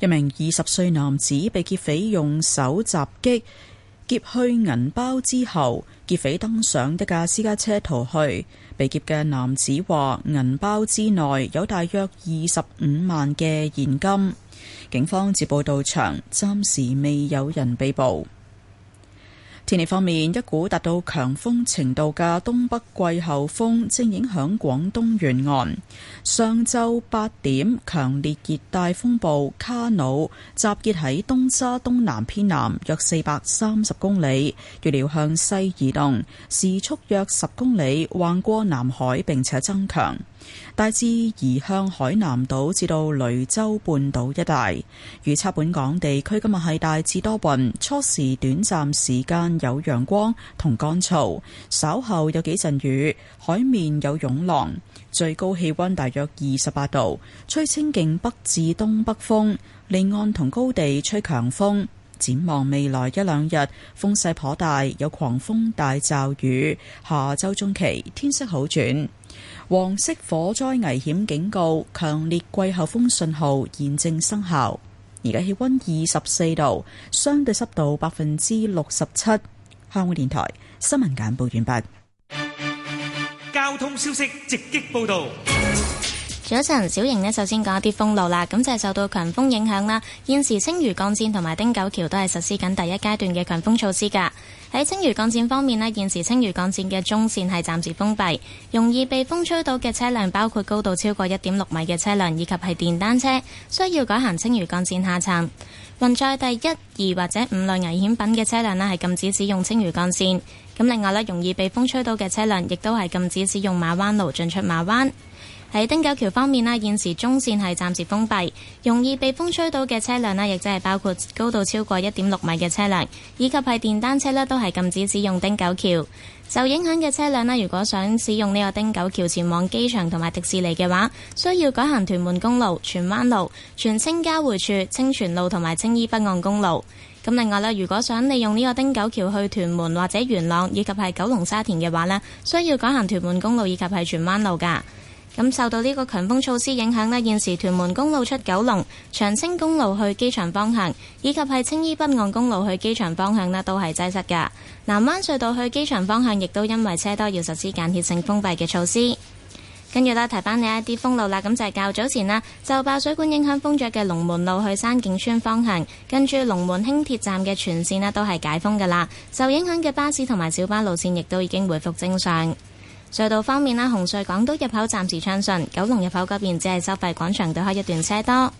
一名二十歲男子被劫匪用手襲擊，劫去銀包之後，劫匪登上一架私家車逃去。被劫嘅男子話，銀包之內有大約二十五萬嘅現金。警方接報到場，暫時未有人被捕。天氣方面，一股達到強風程度嘅東北季候風正影響廣東沿岸。上週八點，強烈熱帶風暴卡努集結喺東沙東南偏南約四百三十公里，預料向西移動，時速約十公里，橫過南海並且增強。大致移向海南島至到雷州半島一帶，預測本港地區今日係大致多雲，初時短暫時間有陽光同乾燥，稍後有幾陣雨，海面有湧浪，最高氣溫大約二十八度，吹清勁北至東北風，離岸同高地吹強風。展望未來一兩日風勢頗大，有狂風大驟雨，下周中期天色好轉。黃色火災危險警告、強烈季候風信號現正生效。而家氣溫二十四度，相對濕度百分之六十七。香港電台新聞簡報完畢。交通消息直擊報道。早晨，小瑩咧，首先講一啲封路啦。咁就係受到強風影響啦。現時青嶼幹線同埋汀九橋都係實施緊第一階段嘅強風措施噶。喺青嶼幹線方面呢，現時青嶼幹線嘅中線係暫時封閉，容易被風吹到嘅車輛，包括高度超過一點六米嘅車輛，以及係電單車，需要改行青嶼幹線下層。運載第一、二或者五類危險品嘅車輛呢係禁止使用青嶼幹線。咁另外呢，容易被風吹到嘅車輛亦都係禁止使用馬灣路進出馬灣。喺汀九橋方面呢現時中線係暫時封閉，容易被風吹到嘅車輛呢，亦即係包括高度超過一點六米嘅車輛，以及係電單車呢，都係禁止使用汀九橋。受影響嘅車輛呢，如果想使用呢個汀九橋前往機場同埋迪士尼嘅話，需要改行屯門公路、荃灣路、荃青交匯處、青荃路同埋青衣北岸公路。咁另外呢，如果想利用呢個汀九橋去屯門或者元朗，以及係九龍沙田嘅話呢需要改行屯門公路以及係荃灣路噶。咁受到呢個強風措施影響呢，現時屯門公路出九龍、長青公路去機場方向，以及係青衣北岸公路去機場方向呢都係擠塞㗎。南灣隧道去機場方向亦都因為車多，要實施間歇性封閉嘅措施。跟住啦，提返你一啲封路啦。咁就係較早前啦，就爆水管影響封著嘅龍門路去山景村方向，跟住龍門輕鐵站嘅全線呢都係解封㗎啦。受影響嘅巴士同埋小巴路線亦都已經回復正常。隧道方面啦，紅隧港島入口暫時暢順，九龍入口嗰邊只係收費廣場對開一段車多。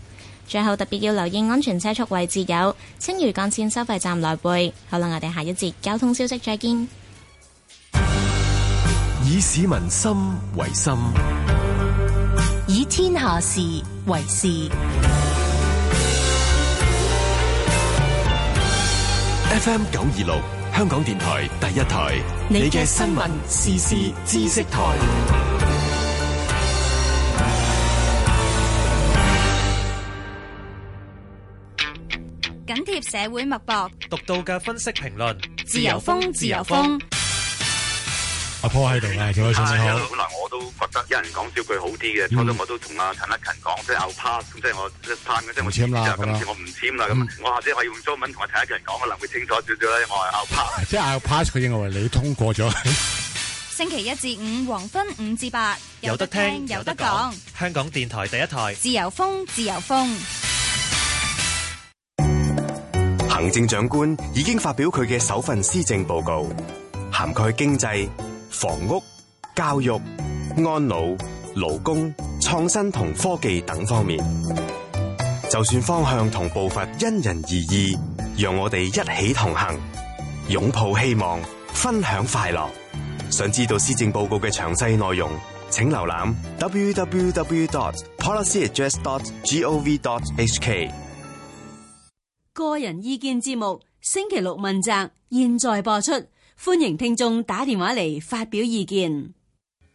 最後特別要留意安全車速位置有青嶼幹線收費站來回。好啦，我哋下一節交通消息再見。以市民心為心，以天下事為事。F. M. 九二六。香港電台第一台，你嘅新聞時事知識台，緊貼社會脈搏，獨到嘅分析評論，自由風，自由風。阿婆喺度啊，楊偉雄你好。都覺得一人講少句好啲嘅，初初我都同阿陳克勤講，即係 out pass，即係我一 pass，即係我簽啦，咁我唔簽啦，咁我或者可以用中文同阿陳克勤講，可能會清楚少少咧。我係 out pass，即係 out pass，佢認為你通過咗。星期一至五黃昏五至八有得聽有得講，香港電台第一台自由風，自由風。行政長官已經發表佢嘅首份施政報告，涵蓋經濟、房屋、教育、安老、勞工、創新同科技等方面，就算方向同步伐因人而異，讓我哋一起同行，擁抱希望，分享快樂。想知道施政報告嘅詳細內容，請瀏覽 www.policyaddress.gov.hk。個人意見節目星期六問責，現在播出，歡迎聽眾打電話嚟發表意見。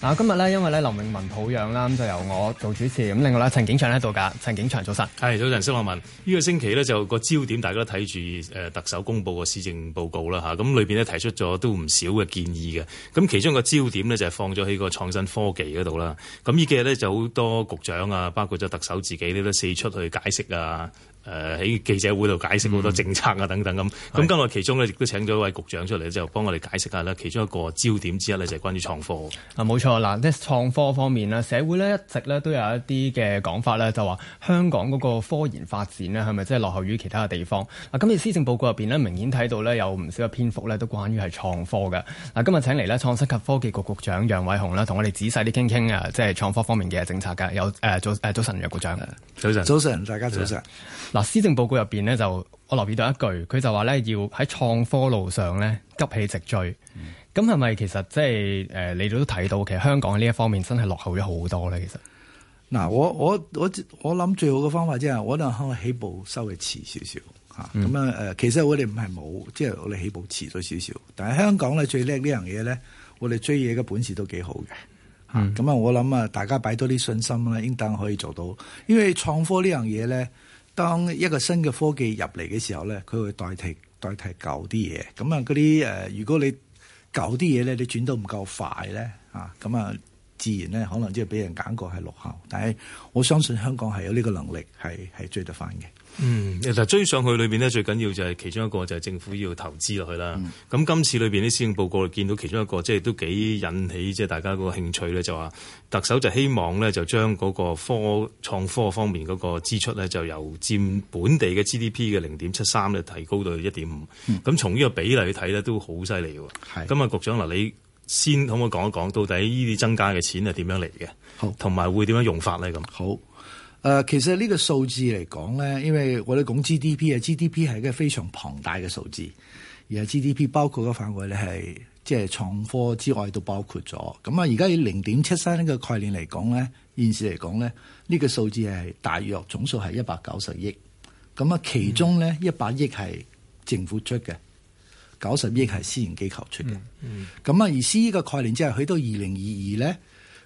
嗱，今日呢，因為咧林永文抱恙啦，咁就由我做主持。咁另外咧，陳景祥呢度噶，陳景祥早晨。係早晨，蕭洛汶。呢、這個星期呢，就個焦點，大家睇住誒特首公布個施政報告啦，吓咁裏邊呢，提出咗都唔少嘅建議嘅。咁其中一個焦點呢，就放咗喺個創新科技嗰度啦。咁呢幾日呢，就好多局長啊，包括咗特首自己，呢，都四出去解釋啊。誒喺記者會度解釋好多政策啊，等等咁。咁、嗯、今日其中呢亦都請咗一位局長出嚟，就幫我哋解釋下啦。其中一個焦點之一呢，就係關於創科。啊，冇錯啦。即創科方面呢，社會呢，一直呢都有一啲嘅講法呢，就話香港嗰個科研發展呢，係咪即係落後於其他嘅地方？啊，今次施政報告入面呢，明顯睇到呢，有唔少嘅篇幅呢，都關於係創科嘅。嗱，今日請嚟呢，創新及科技局局長楊偉雄啦，同我哋仔細啲傾傾啊，即係創科方面嘅政策㗎。有、呃、早晨，楊局長。早晨。早晨，大家早晨。早晨。司施政報告入邊咧就我留意到一句，佢就話咧要喺創科路上咧急起直追，咁係咪其實即係誒，你都睇到其實香港呢一方面真係落後咗好多咧。其實、啊，嗱我我我我諗最好嘅方法即、就、係、是、我哋可能起步收嘅遲少少吓，咁、嗯、啊誒，其實我哋唔係冇，即、就、係、是、我哋起步遲咗少少，但係香港咧最叻呢樣嘢咧，我哋追嘢嘅本事都幾好嘅，嗯、啊咁啊我諗啊大家擺多啲信心啦，應當可以做到，因為創科呢樣嘢咧。當一個新嘅科技入嚟嘅時候咧，佢會代替代替舊啲嘢。咁啊，嗰啲、呃、如果你舊啲嘢咧，你轉到唔夠快咧啊，咁啊，自然咧可能即係俾人感覺係落後。但係我相信香港係有呢個能力係係追得翻嘅。嗯，追上去裏面呢，最緊要就係其中一個就係政府要投資落去啦。咁、嗯、今次裏面啲施政報告見到其中一個即係都幾引起即係大家嗰個興趣咧，就話特首就希望咧就將嗰個科創科方面嗰個支出咧就由佔本地嘅 GDP 嘅零點七三咧提高到一點五。咁從呢個比例去睇咧都好犀利㗎。係咁啊，局長嗱，你先可唔可以講一講到底呢啲增加嘅錢係點樣嚟嘅？好，同埋會點樣用法咧？咁好。誒、呃，其實呢個數字嚟講咧，因為我哋講 GDP 啊，GDP 係一個非常龐大嘅數字，而係 GDP 包括嘅範圍咧係即係創科之外都包括咗。咁啊，而家以零點七三呢個概念嚟講咧，現時嚟講咧，呢、呢個數字係大約總數係一百九十億。咁啊，其中咧一百億係政府出嘅，九十億係私人機構出嘅。咁啊、嗯，嗯、而 CE 呢個概念即係去到二零二二咧。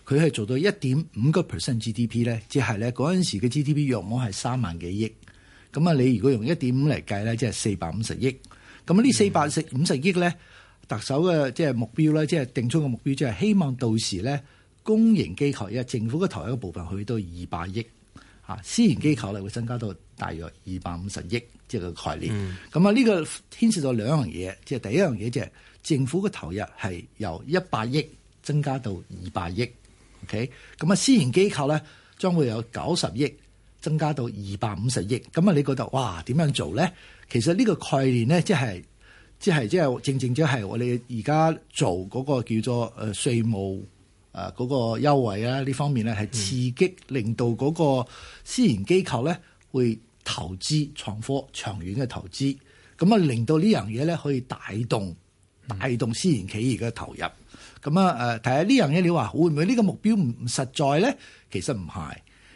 佢係做到一點五個 percent GDP 咧，即係咧嗰陣時嘅 GDP 約果係三萬幾億，咁啊你如果用一點五嚟計咧，即係四百五十億。咁呢四百五十億咧，特首嘅即係目標咧，即係定出個目標，即係希望到時咧公營機構，即係政府嘅投入一部分去到二百億，嚇私營機構咧會增加到大約二百五十億，即係個概念。咁啊呢個牽涉咗兩樣嘢，即係第一樣嘢即係政府嘅投入係由一百億增加到二百億。OK，咁啊，私營機構咧將會有九十億增加到二百五十億，咁啊，你覺得哇點樣做咧？其實呢個概念咧，即係即係即係正正即係我哋而家做嗰個叫做誒稅務誒嗰個優惠啊，呢方面咧，係、嗯、刺激令到嗰個私營機構咧會投資創科長遠嘅投資，咁啊令到呢樣嘢咧可以帶動帶動私營企業嘅投入。咁啊，誒睇下呢樣嘢，你話會唔會呢個目標唔唔實在咧？其實唔係，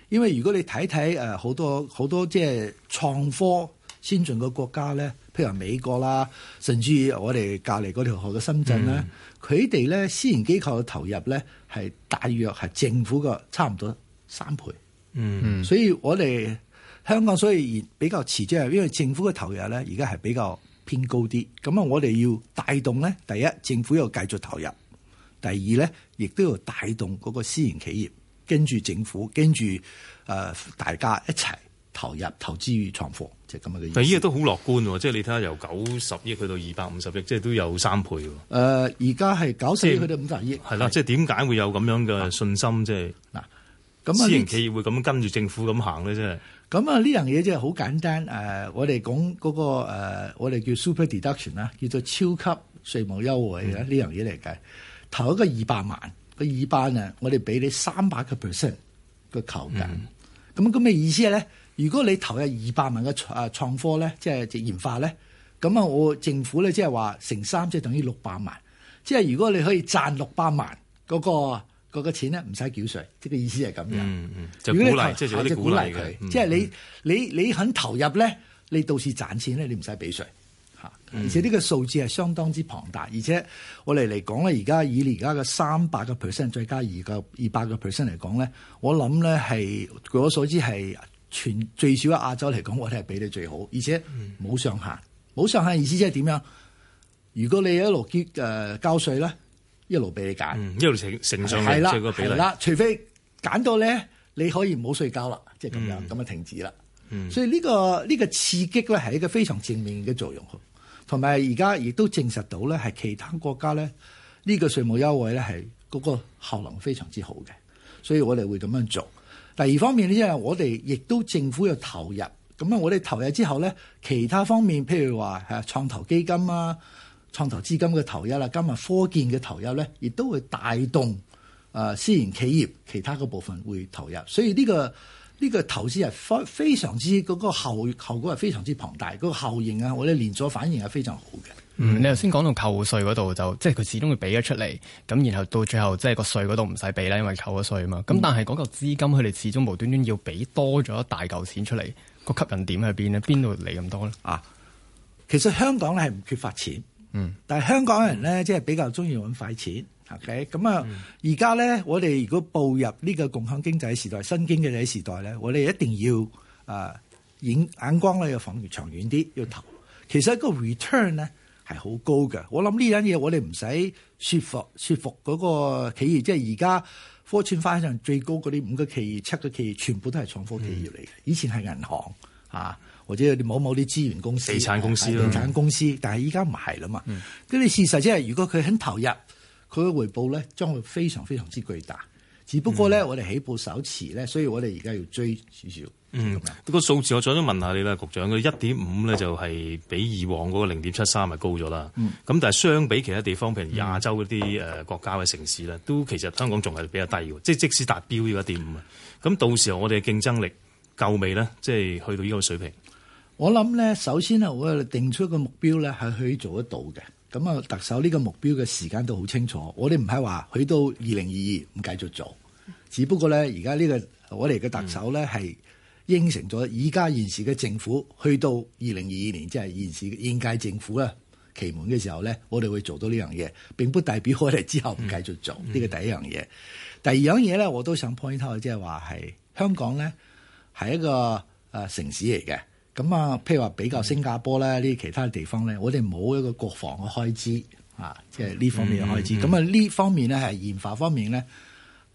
因為如果你睇睇誒好多好多即係創科先進嘅國家咧，譬如美國啦，甚至我哋隔離嗰條河嘅深圳咧，佢哋咧私營機構嘅投入咧係大約係政府嘅差唔多三倍。嗯，所以我哋香港所以比較遲，即係因為政府嘅投入咧而家係比較偏高啲。咁啊，我哋要帶動咧，第一政府要繼續投入。第二咧，亦都要帶動嗰個私營企業跟住政府跟住誒、呃、大家一齊投入投資與創貨，即係咁嘅意思。個都好樂觀喎，即係你睇下由九十億去到二百五十億，即係都有三倍喎。而家係九十億去到五百億。係啦，就是，是即係點解會有咁樣嘅信心？即係嗱，咁私營企業會咁跟住政府咁行咧，即係你。咁啊的，呢樣嘢即係好簡單。誒、呃，我哋講嗰個、呃、我哋叫 super deduction 啦，叫做超級稅務優惠呢、嗯、樣嘢嚟計。投一個二百萬,萬、嗯、個二班啊，我哋俾你三百個 percent 個球金。咁咁咩意思咧？如果你投入二百萬嘅誒創,、啊、創科咧，即係研發咧，咁啊，我政府咧即係話乘三即係等於六百萬。即係如果你可以賺六百萬嗰、那個嗰、那個、錢咧，唔使繳稅。即係意思係咁樣嗯嗯，就鼓勵，即係有啲鼓勵佢。即係你、嗯、你你肯投入咧，你到時賺錢咧，你唔使俾稅。而且呢個數字係相當之龐大，而且我哋嚟講咧，而家以而家嘅三百個 percent 再加二個二百個 percent 嚟講咧，我諗咧係據我所知係全最少喺亞洲嚟講，我哋係俾你最好，而且冇上限，冇上限意思即係點樣？如果你一路結交稅咧，一路俾你減、嗯，一路成成上嚟即係個比例。係啦，除非減到咧，你可以唔好稅交啦，即係咁樣咁啊、嗯、停止啦。所以呢個呢個刺激咧係一個非常正面嘅作用，同埋而家亦都證實到咧係其他國家咧呢個稅務優惠咧係嗰個效能非常之好嘅，所以我哋會咁樣做。第二方面呢，因為我哋亦都政府有投入，咁啊我哋投入之後咧，其他方面譬如話吓創投基金啊、創投資金嘅投入啦，加埋科建嘅投入咧，亦都會帶動啊私人企業其他嘅部分會投入，所以呢個。呢個投資係非常之嗰、那個後,後果係非常之龐大，嗰、那個效應啊，我哋連鎖反應係非常好嘅。嗯，你頭先講到扣稅嗰度就即係佢始終會俾咗出嚟，咁然後到最後即係個稅嗰度唔使俾啦，因為扣咗稅啊嘛。咁但係嗰嚿資金佢哋始終無端端要俾多咗一大嚿錢出嚟，嗯、個吸引點喺邊呢？邊度嚟咁多咧？啊，其實香港咧係唔缺乏錢，嗯，但係香港人咧即係比較中意搵快錢。OK，咁啊，而家咧，我哋如果步入呢個共享經濟時代、新經濟的時代咧，我哋一定要啊、呃，眼眼光咧要放長遠啲，要投。其實個 return 咧係好高嘅。我諗呢樣嘢，我哋唔使説服説服嗰個企業，即係而家科創板上最高嗰啲五個企業、七個企業，全部都係創科企業嚟嘅。以前係銀行啊，或者你某某啲資源公司、地產公司、地產公司，嗯、但係依家唔係啦嘛。咁你、嗯、事實即係如果佢肯投入，佢嘅回報咧，將會非常非常之巨大。只不過咧，我哋起步手持咧，所以我哋而家要追少少咁樣。嗯，呢個數字我再想問下你啦，局長，一點五咧就係比以往嗰個零點七三係高咗啦。咁、嗯、但係相比其他地方，譬如亞洲嗰啲誒國家嘅城市咧，都其實香港仲係比較低嘅，即係即使達標呢個一點五啊。咁到時候我哋嘅競爭力夠未咧？即係去到呢個水平。我諗咧，首先啊，我哋定出一個目標咧，係去做得到嘅。咁啊，特首呢個目標嘅時間都好清楚，我哋唔係話去到二零二二唔繼續做。只不過咧，而家呢個我哋嘅特首咧係應承咗，而家現時嘅政府、嗯、去到二零二二年，即係現時嘅應屆政府咧期滿嘅時候咧，我哋會做到呢樣嘢，並不代表我哋之後唔繼續做呢。嗯、個第一樣嘢。第二樣嘢咧，我都想 point out，即係話係香港咧係一個誒、呃、城市嚟嘅。咁啊，譬如話比較新加坡咧，呢其他地方咧，嗯、我哋冇一個國防嘅開支啊，即係呢方面嘅開支。咁啊，呢方面咧係、嗯、研發方面咧，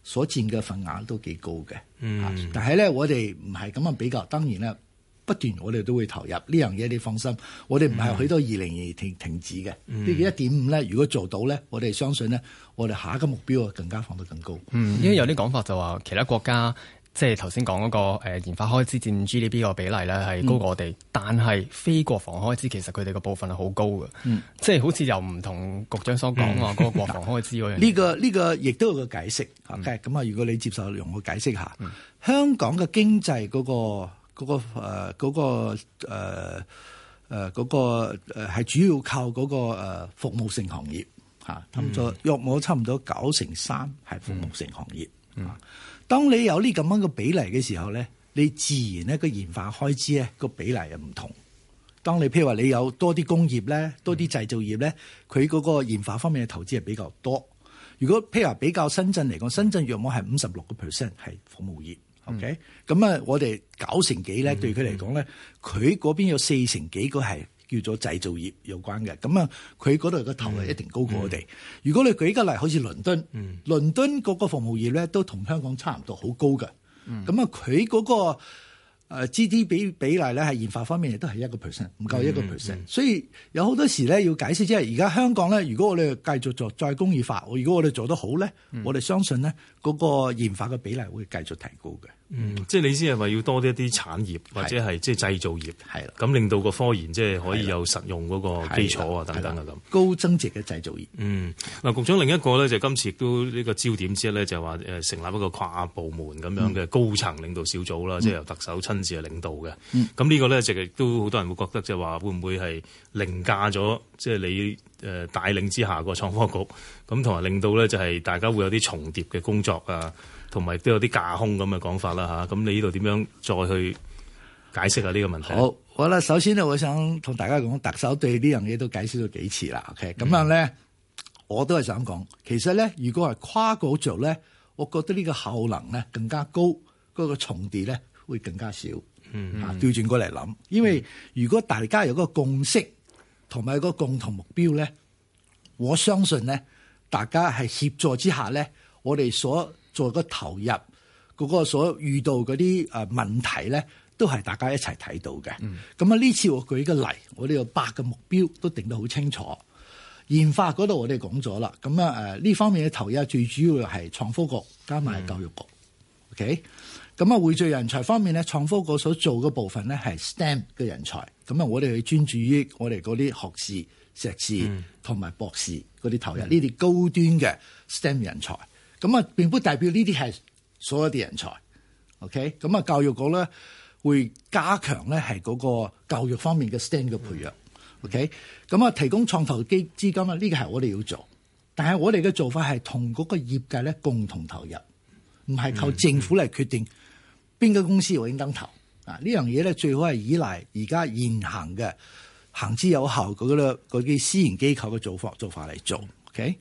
所佔嘅份額都幾高嘅。嗯。但係咧，我哋唔係咁樣比較。當然咧，不斷我哋都會投入呢樣嘢，你放心，我哋唔係許多二零二二停停止嘅。呢一點五咧，如, 5，如果做到咧，我哋相信咧，我哋下一個目標啊更加放得更高。嗯。因為有啲講法就話其他國家。即係頭先講嗰個誒研發開支占 GDP 個比例咧係高過我哋，嗯、但係非國防開支其實佢哋個部分係、嗯、好高嘅，即係好似又唔同局長所講啊嗰個、嗯、國防開支嗰樣。呢、這個呢、這個亦都有個解釋，咁啊、嗯，如果你接受容我解釋下，嗯、香港嘅經濟嗰、那個嗰、那個誒嗰、那個誒誒、那個誒係、那個那個那個那個、主要靠嗰個誒服務性行業吓，差唔多約我差唔多九成三係服務性行業。啊嗯當你有呢咁樣個比例嘅時候咧，你自然咧個研發開支咧個比例又唔同。當你譬如話你有多啲工業咧，多啲製造業咧，佢嗰個研發方面嘅投資係比較多。如果譬如話比較深圳嚟講，深圳約莫係五十六個 percent 係服務業、嗯、OK，咁啊，我哋九成幾咧對佢嚟講咧，佢嗰邊有四成幾個係。叫做製造業有關嘅，咁啊佢嗰度嘅頭啊一定高過我哋。如果你舉個例，好似倫敦，嗯、倫敦嗰個服務業咧都同香港差唔多的，好高嘅。咁啊佢嗰個 GDP 比,比例咧係研發方面亦都係一個 percent，唔夠一個 percent。嗯嗯、所以有好多時咧要解釋，即係而家香港咧，如果我哋繼續做再工業化，如果我哋做得好咧，嗯、我哋相信咧嗰個研發嘅比例會繼續提高嘅。嗯，即係你意思係話要多啲一啲產業或者係是即係製造業，係啦的，咁令到個科研即係可以有實用嗰個基礎啊等等啊，咁高增值嘅製造業。嗯，嗱，局長另一個咧就今次都呢個焦點之一咧，就話誒成立一個跨部門咁樣嘅高層領導小組啦，即係、嗯、由特首親自去領導嘅。咁呢、嗯、個咧，亦都好多人會覺得就話會唔會係凌駕咗即係你誒帶領之下個創科局，咁同埋令到咧就係大家會有啲重疊嘅工作啊。同埋都有啲架空咁嘅講法啦吓，咁你呢度點樣再去解釋下呢個問題？好，好啦，首先咧，我想同大家講，特首對呢樣嘢都解釋咗幾次啦。OK，咁樣咧，嗯、我都係想講，其實咧，如果係跨國做咧，我覺得呢個效能咧更加高，嗰、那個重疊咧會更加少。嗯哼，啊，調轉過嚟諗，因為如果大家有個共識同埋個共同目標咧，我相信咧，大家係協助之下咧，我哋所個投入，嗰個所遇到嗰啲誒問題咧，都係大家一齊睇到嘅。咁啊呢次我舉個例，我哋有八個目標都定得好清楚。研發嗰度我哋講咗啦，咁啊誒呢方面嘅、呃、投入最主要係創科局加埋教育局。O K，咁啊匯聚人才方面咧，創科局所做嘅部分咧係 STEM 嘅人才。咁啊，我哋去專注於我哋嗰啲學士、碩士同埋、嗯、博士嗰啲投入呢啲、嗯、高端嘅 STEM 人才。咁啊，並不代表呢啲係所有啲人才，OK？咁啊，教育局咧會加強咧係嗰個教育方面嘅 STEM 嘅培養 OK 咁啊，OK? 嗯、提供創投基金啊，呢、這個係我哋要做，但係我哋嘅做法係同嗰個業界咧共同投入，唔係靠政府嚟決定邊間公司我應當投啊！呢、嗯、樣嘢咧最好係依賴而家現行嘅行之有效嗰啲嗰啲私營機構嘅做法做法嚟做，OK？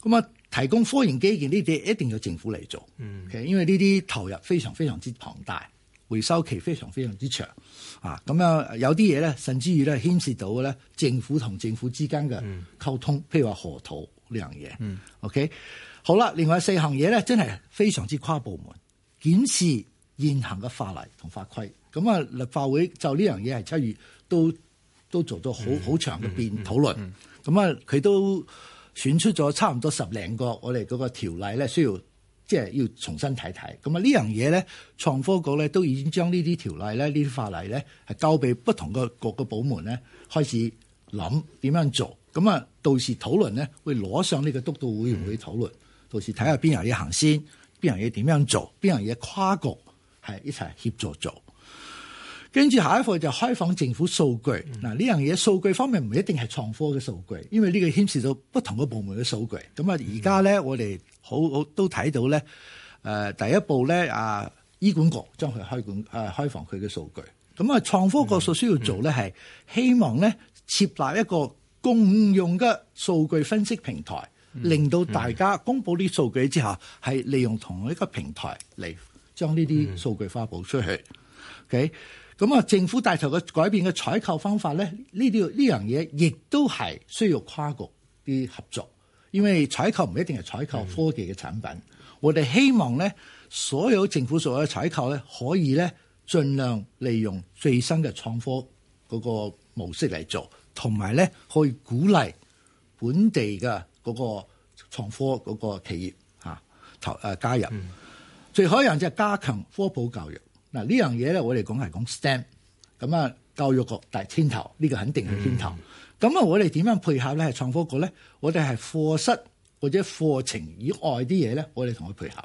咁、嗯、啊。提供科研基建呢啲一定要政府嚟做，嗯，因為呢啲投入非常非常之龐大，回收期非常非常之長啊。咁啊，有啲嘢咧，甚至乎咧，牽涉到咧政府同政府之間嘅溝通，嗯、譬如話河套呢樣嘢。嗯、OK，好啦，另外四行嘢咧，真係非常之跨部門，檢視現行嘅法例同法規。咁啊，立法會就呢樣嘢係七月都都做咗好好長嘅辯討論。咁啊、嗯，佢、嗯嗯嗯、都。選出咗差唔多十零個，我哋嗰個條例咧需要，即係要重新睇睇。咁啊，呢樣嘢咧，創科局咧都已經將呢啲條例咧、呢啲法例咧，係交俾不同個各個部門咧開始諗點樣做。咁啊，到時討論咧會攞上呢個督導委員會討論，嗯，到時睇下邊樣嘢行先，邊樣嘢點樣做，邊樣嘢跨局係一齊協助做。跟住下一步就開放政府數據。嗱、嗯，呢樣嘢數據方面唔一定係創科嘅數據，因為呢個牽涉到不同嘅部門嘅數據。咁啊，而家咧我哋好好都睇到咧，誒、呃、第一步咧啊，醫管局將佢開管誒、呃、開放佢嘅數據。咁啊，創科局所需要做咧係希望咧設立一個共用嘅數據分析平台，嗯嗯、令到大家公佈啲數據之後，係利用同一個平台嚟將呢啲數據發布出去。嗯嗯、OK。咁啊，政府帶頭嘅改變嘅採購方法咧，呢啲呢樣嘢亦都係需要跨局啲合作，因為採購唔一定係採購科技嘅產品。嗯、我哋希望咧，所有政府所有嘅採購咧，可以咧盡量利用最新嘅創科嗰個模式嚟做，同埋咧去鼓勵本地嘅嗰個創科嗰個企業吓、啊、投誒、啊、加入。嗯、最後一樣就係加強科普教育。嗱呢樣嘢咧，我哋講係講 STEM，咁啊教育局大牽頭，呢、這個肯定係牽頭。咁啊、嗯，我哋點樣配合咧？係創科局咧，我哋係課室或者課程以外啲嘢咧，我哋同佢配合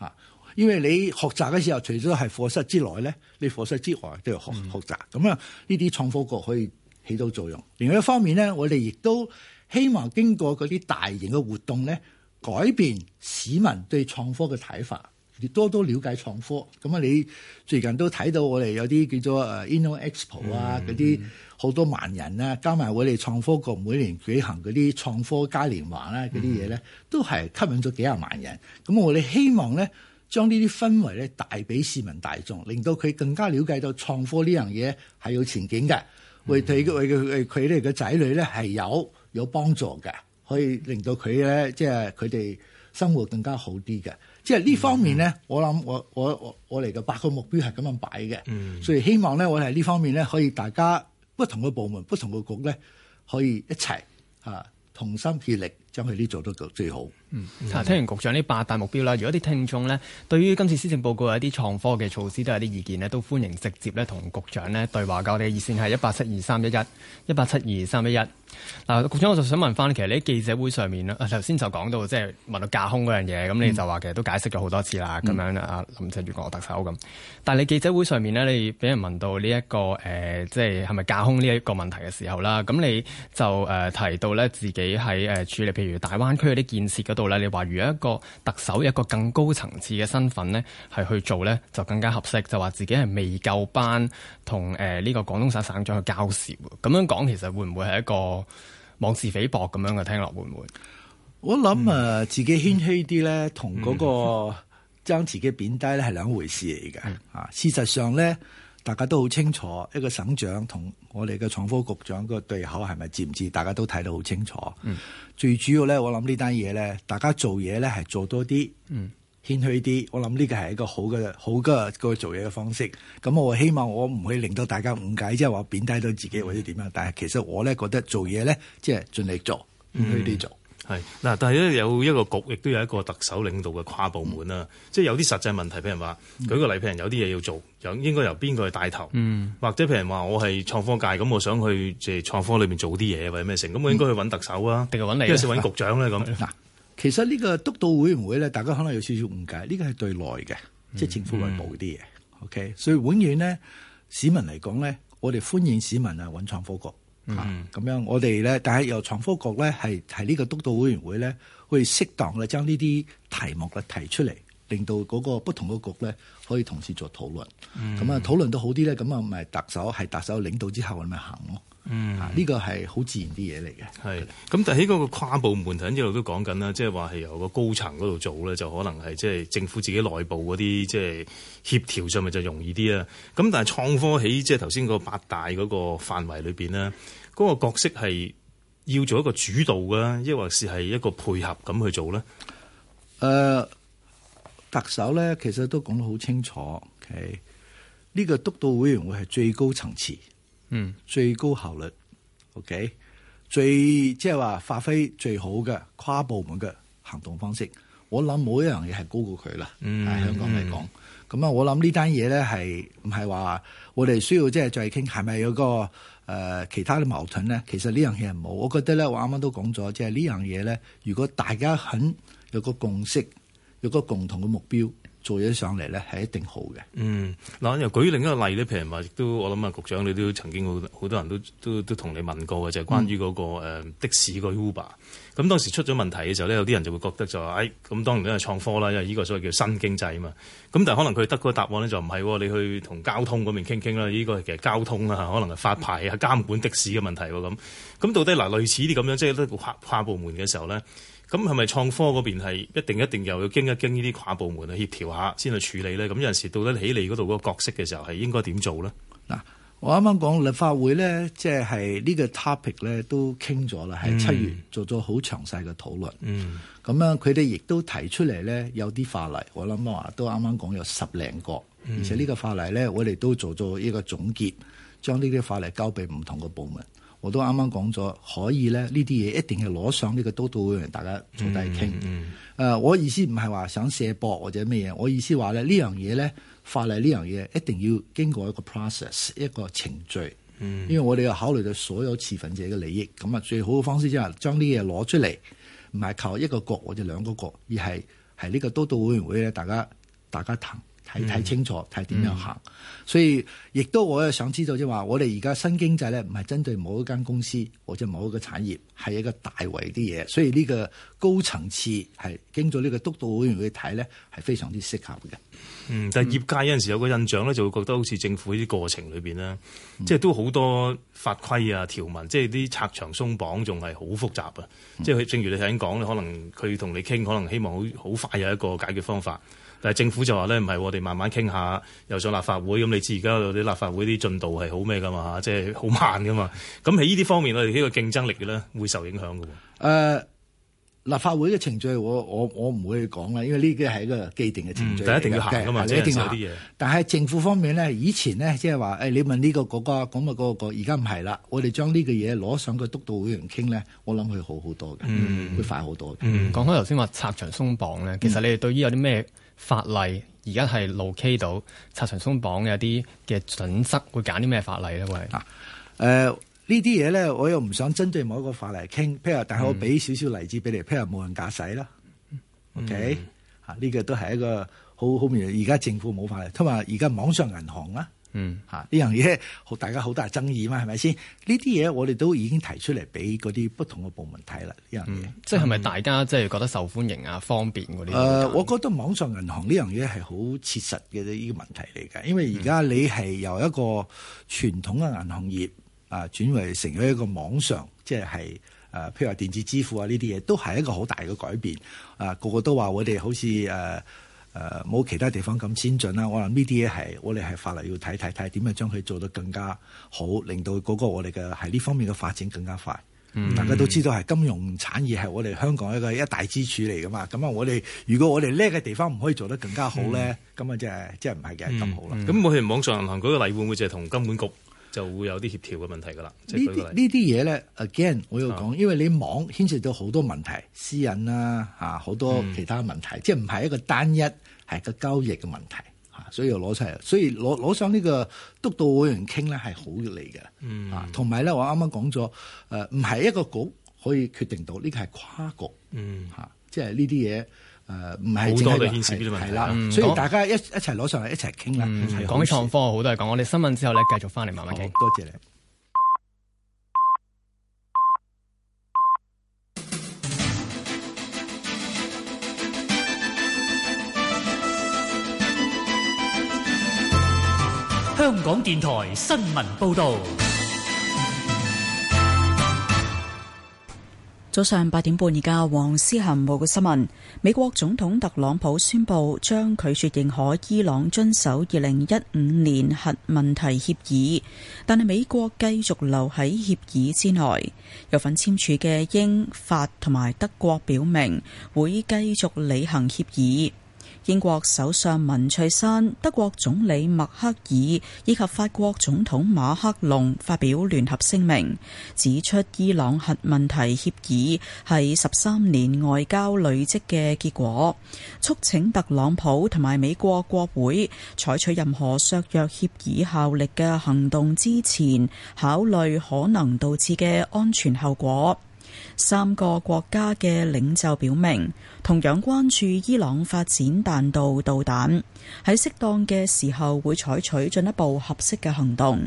嚇。因為你學習嘅時候，除咗係課室之內咧，你課室之外都要學學習。咁啊、嗯，呢啲創科局可以起到作用。另外一方面咧，我哋亦都希望經過嗰啲大型嘅活動咧，改變市民對創科嘅睇法。你多多了解創科，咁啊，你最近都睇到我哋有啲叫做 Inno Expo 啊，嗰啲好多萬人啊，加埋我哋創科局每年舉行嗰啲創科嘉年華啦、啊，嗰啲嘢咧，都係吸引咗幾廿萬人。咁我哋希望咧，將呢啲氛圍咧帶俾市民大眾，令到佢更加了解到創科呢樣嘢係有前景嘅，會對佢哋嘅仔女咧係有有幫助嘅，可以令到佢咧即係佢哋生活更加好啲嘅。即係呢方面咧、嗯，我諗我我我我哋嘅八個目標係咁樣擺嘅，嗯、所以希望咧，我哋喺呢方面咧，可以大家不同嘅部門、不同嘅局咧，可以一齊嚇、啊、同心協力。將佢呢做都最好。嗯，啊、嗯，聽完局長呢八大目標啦，如果啲聽眾呢對於今次施政報告有啲創科嘅措施都有啲意見呢，都歡迎直接咧同局長對對話。我哋嘅熱線係一八七二三一一一八七二三一一。嗱，局長我就想問返，其實你喺記者會上面呢，頭先就講到即係問到架空嗰樣嘢，咁、嗯、你就話其實都解釋咗好多次啦，咁樣啊，林鄭月娥特首咁。但係你記者會上面呢，你俾人問到呢、這、一個即係係咪架空呢一個問題嘅時候啦，咁你就提到呢，自己喺處理如大灣區嗰啲建設嗰度咧，你話如果一個特首一個更高層次嘅身份咧，係去做咧，就更加合適。就話自己係未夠班，同誒呢個廣東省省長去交涉。咁樣講其實會唔會係一個妄自菲薄咁樣嘅聽落會唔會？我諗啊，自己謙虛啲咧，同嗰、嗯嗯、個將自己貶低咧係兩回事嚟嘅。嗯、啊，事實上咧。大家都好清楚，一個省長同我哋嘅創科局長個對口係咪接唔接，大家都睇得好清楚。嗯、最主要咧，我諗呢單嘢咧，大家做嘢咧係做多啲，謙虛啲。我諗呢個係一個好嘅、好嘅做嘢嘅方式。咁我希望我唔可以令到大家誤解，嗯、即係話貶低到自己或者點樣、嗯、但係其實我咧覺得做嘢咧，即係盡力做，去啲做。嗯係嗱，但係咧有一個局，亦都有一個特首領導嘅跨部門啦。嗯、即係有啲實際問題，譬如話，舉個例，譬如有啲嘢要做，有應該由邊個去帶頭？嗯、或者譬如話，我係創科界，咁我想去即係創科裏面做啲嘢或者咩成，咁我應該去揾特首、嗯、啊，定係揾你啊，即係揾局長咧咁。嗱，其實呢個督導會唔會咧？大家可能有少少誤解，呢個係對內嘅，即、就、係、是、政府內部啲嘢。嗯、OK，所以永遠呢，市民嚟講咧，我哋歡迎市民啊揾創科局。嗯，咁、mm hmm. 啊、樣我哋咧，但係由創科局咧係係呢個督導委員會咧，可以適當咧將呢啲題目咧提出嚟，令到嗰個不同嘅局咧可以同時做討論咁啊、mm hmm. 嗯，討論到好啲咧，咁啊唔係特首係特首領導之後我哋咪行咯、啊。嗯，呢個係好自然啲嘢嚟嘅。係，咁但喺嗰個跨部門頭先一路都講緊啦，即係話係由個高層嗰度做咧，就可能係即係政府自己內部嗰啲即係協調上面就容易啲啊。咁但係創科喺即係頭先個八大嗰個範圍裏邊咧，嗰個角色係要做一個主導嘅，抑或是係一個配合咁去做呢？誒，特首咧其實都講得好清楚，呢個督導委員會係最高層次。嗯，最高效率、嗯、，OK，最，即係話發揮最好嘅跨部門嘅行動方式。我諗每一樣嘢係高過佢啦，喺、嗯哎、香港嚟講。咁啊、嗯嗯，我諗呢單嘢咧係唔係話我哋需要即係再傾係咪有個誒、呃、其他嘅矛盾咧？其實呢樣嘢係冇。我覺得咧，我啱啱都講咗，即係呢樣嘢咧，如果大家肯有個共識，有個共同嘅目標。做咗上嚟咧，係一定好嘅。嗯，嗱又舉另一個例咧，譬如話，亦都我諗啊，局長你都曾經好好多人都都都同你問過嘅，就係、係、關於嗰、嗰個、嗯嗯、的士個 Uber。咁當時出咗問題嘅時候咧，有啲人就會覺得就話，哎，咁當然都係創科啦，因為呢個所謂叫新經濟啊嘛。咁但係可能佢得個答案咧就唔係，你去同交通嗰邊傾傾啦。呢、呢個其實交通啊，可能係發牌啊、監管的士嘅問題咁。咁到底嗱，類似啲咁樣，即係跨跨部門嘅時候咧。咁係咪創科嗰邊係一定一定又要經一經呢啲跨部門去協調下先去處理咧？咁有陣時到底起嚟嗰度嗰個角色嘅時候係應該點做咧？嗱，我啱啱講立法會咧，即係呢個 topic 咧都傾咗啦，喺七月做咗好詳細嘅討論。嗯。咁樣佢哋亦都提出嚟咧有啲法例，我諗啊都啱啱講有十零個，而且呢個法例咧我哋都做咗一個總結，將呢啲法例交俾唔同嘅部門。我都啱啱講咗，可以咧呢啲嘢一定係攞上呢個都道會員，大家坐低傾。誒、嗯嗯呃，我意思唔係話想卸膊或者咩嘢，我意思話咧呢樣嘢咧法例呢樣嘢一定要經過一個 process 一個程序，嗯、因為我哋要考慮到所有持份者嘅利益。咁啊，最好嘅方式即係將啲嘢攞出嚟，唔係靠一個國或者兩個國，而係係呢個都道會員會咧，大家大家談。睇睇清楚，睇點樣行，嗯、所以亦都我想知道，即係話我哋而家新經濟咧，唔係針對某一間公司或者某一個產業，係一個大圍啲嘢，所以呢個高層次係經咗呢個督導委員去睇咧，係非常之適合嘅。嗯，但係業界有陣時候有個印象咧，就會覺得好似政府呢啲過程裏面呢，嗯、即係都好多法規啊條文，即係啲拆牆鬆綁仲係好複雜啊！嗯、即係正如你頭先講咧，可能佢同你傾，可能希望好好快有一個解決方法。但係政府就話咧，唔係我哋慢慢傾下，又上立法會咁，你知而家嗰啲立法會啲進度係好咩噶嘛？即係好慢噶嘛。咁喺呢啲方面，我哋呢個競爭力咧會受影響嘅喎、呃。立法會嘅程序我，我我我唔會去講啦，因為呢個係一個既定嘅程序的、嗯，但一定要行㗎嘛，是就是、一定要做啲嘢。但係政府方面呢，以前呢，即係話誒，你問呢個嗰家咁啊嗰個，而家唔係啦，我哋將呢個嘢攞上個督導會員傾呢，我諗佢好好多嘅、嗯嗯，嗯，會快好多嘅。講開頭先話拆牆鬆綁咧，嗯、其實你哋對於有啲咩？法例而家係路 K 到拆牆鬆綁有啲嘅準則，會揀啲咩法例咧？喂，啊，呃、呢啲嘢咧，我又唔想針對某一個法例傾，譬如，但係我俾少少例子俾你，嗯、譬如話冇人駕駛啦，OK，啊呢、呢個都係一個好好明，而家政府冇法例，同埋而家網上銀行啦嗯，吓呢樣嘢好，嗯、大家好大爭議嘛，係咪先？呢啲嘢我哋都已經提出嚟俾嗰啲不同嘅部門睇啦。呢樣嘢，即係咪大家即係覺得受歡迎啊？方便嗰啲誒，我覺得網上銀行呢樣嘢係好切實嘅呢、呢個問題嚟嘅。因為而家你係由一個傳統嘅銀行業啊、呃，轉為成咗一個網上，即係誒，譬、呃、如話電子支付啊呢啲嘢，都係一個好大嘅改變啊、呃。個個都話我哋好似誒。呃誒冇其他地方咁先進啦，我話呢啲嘢係，我哋係法律要睇睇睇，點樣將佢做得更加好，令到嗰個我哋嘅喺呢方面嘅發展更加快。嗯、大家都知道係金融產業係我哋香港一個一大支柱嚟噶嘛，咁啊我哋如果我哋呢個地方唔可以做得更加好咧，咁啊即係即係唔係嘅咁好啦。咁冇人網上銀行嗰個例會會就係同金管局。就會有啲協調嘅問題㗎啦。呢啲呢啲嘢咧，again 我要講，哦、因為你網牽涉到好多問題，私隱啦嚇，好多其他問題，嗯、即係唔係一個單一係個交易嘅問題嚇，所以又攞出嚟。所以攞攞上呢個督導會員傾咧係好嘅嚟嘅嚇，同埋咧我啱啱講咗誒，唔、呃、唔係一個局可以決定到，呢個係跨局嚇，嗯、即係呢啲嘢。誒唔係好多嘅牽涉，係啦，所以大家一起來、嗯、一齊攞上嚟一齊傾啦。講起、嗯、的創科，好多嘢講。我哋新聞之後咧，繼續翻嚟慢慢傾。多謝，謝謝你。香港電台新聞報導。早上八點半現在，而家黃思涵報告新聞。美國總統特朗普宣布將拒絕認可伊朗遵守二零一五年核問題協議，但係美國繼續留喺協議之內。有份簽署嘅英法同埋德國表明會繼續履行協議。英國首相文翠珊、德國總理默克爾以及法國總統馬克龍發表聯合聲明，指出伊朗核問題協議係十三年外交累積嘅結果，促請特朗普同埋美國國會採取任何削弱協議效力嘅行動之前，考慮可能導致嘅安全後果。三個國家嘅領袖表明，同樣關注伊朗發展彈道導彈，喺適當嘅時候會採取進一步合適嘅行動。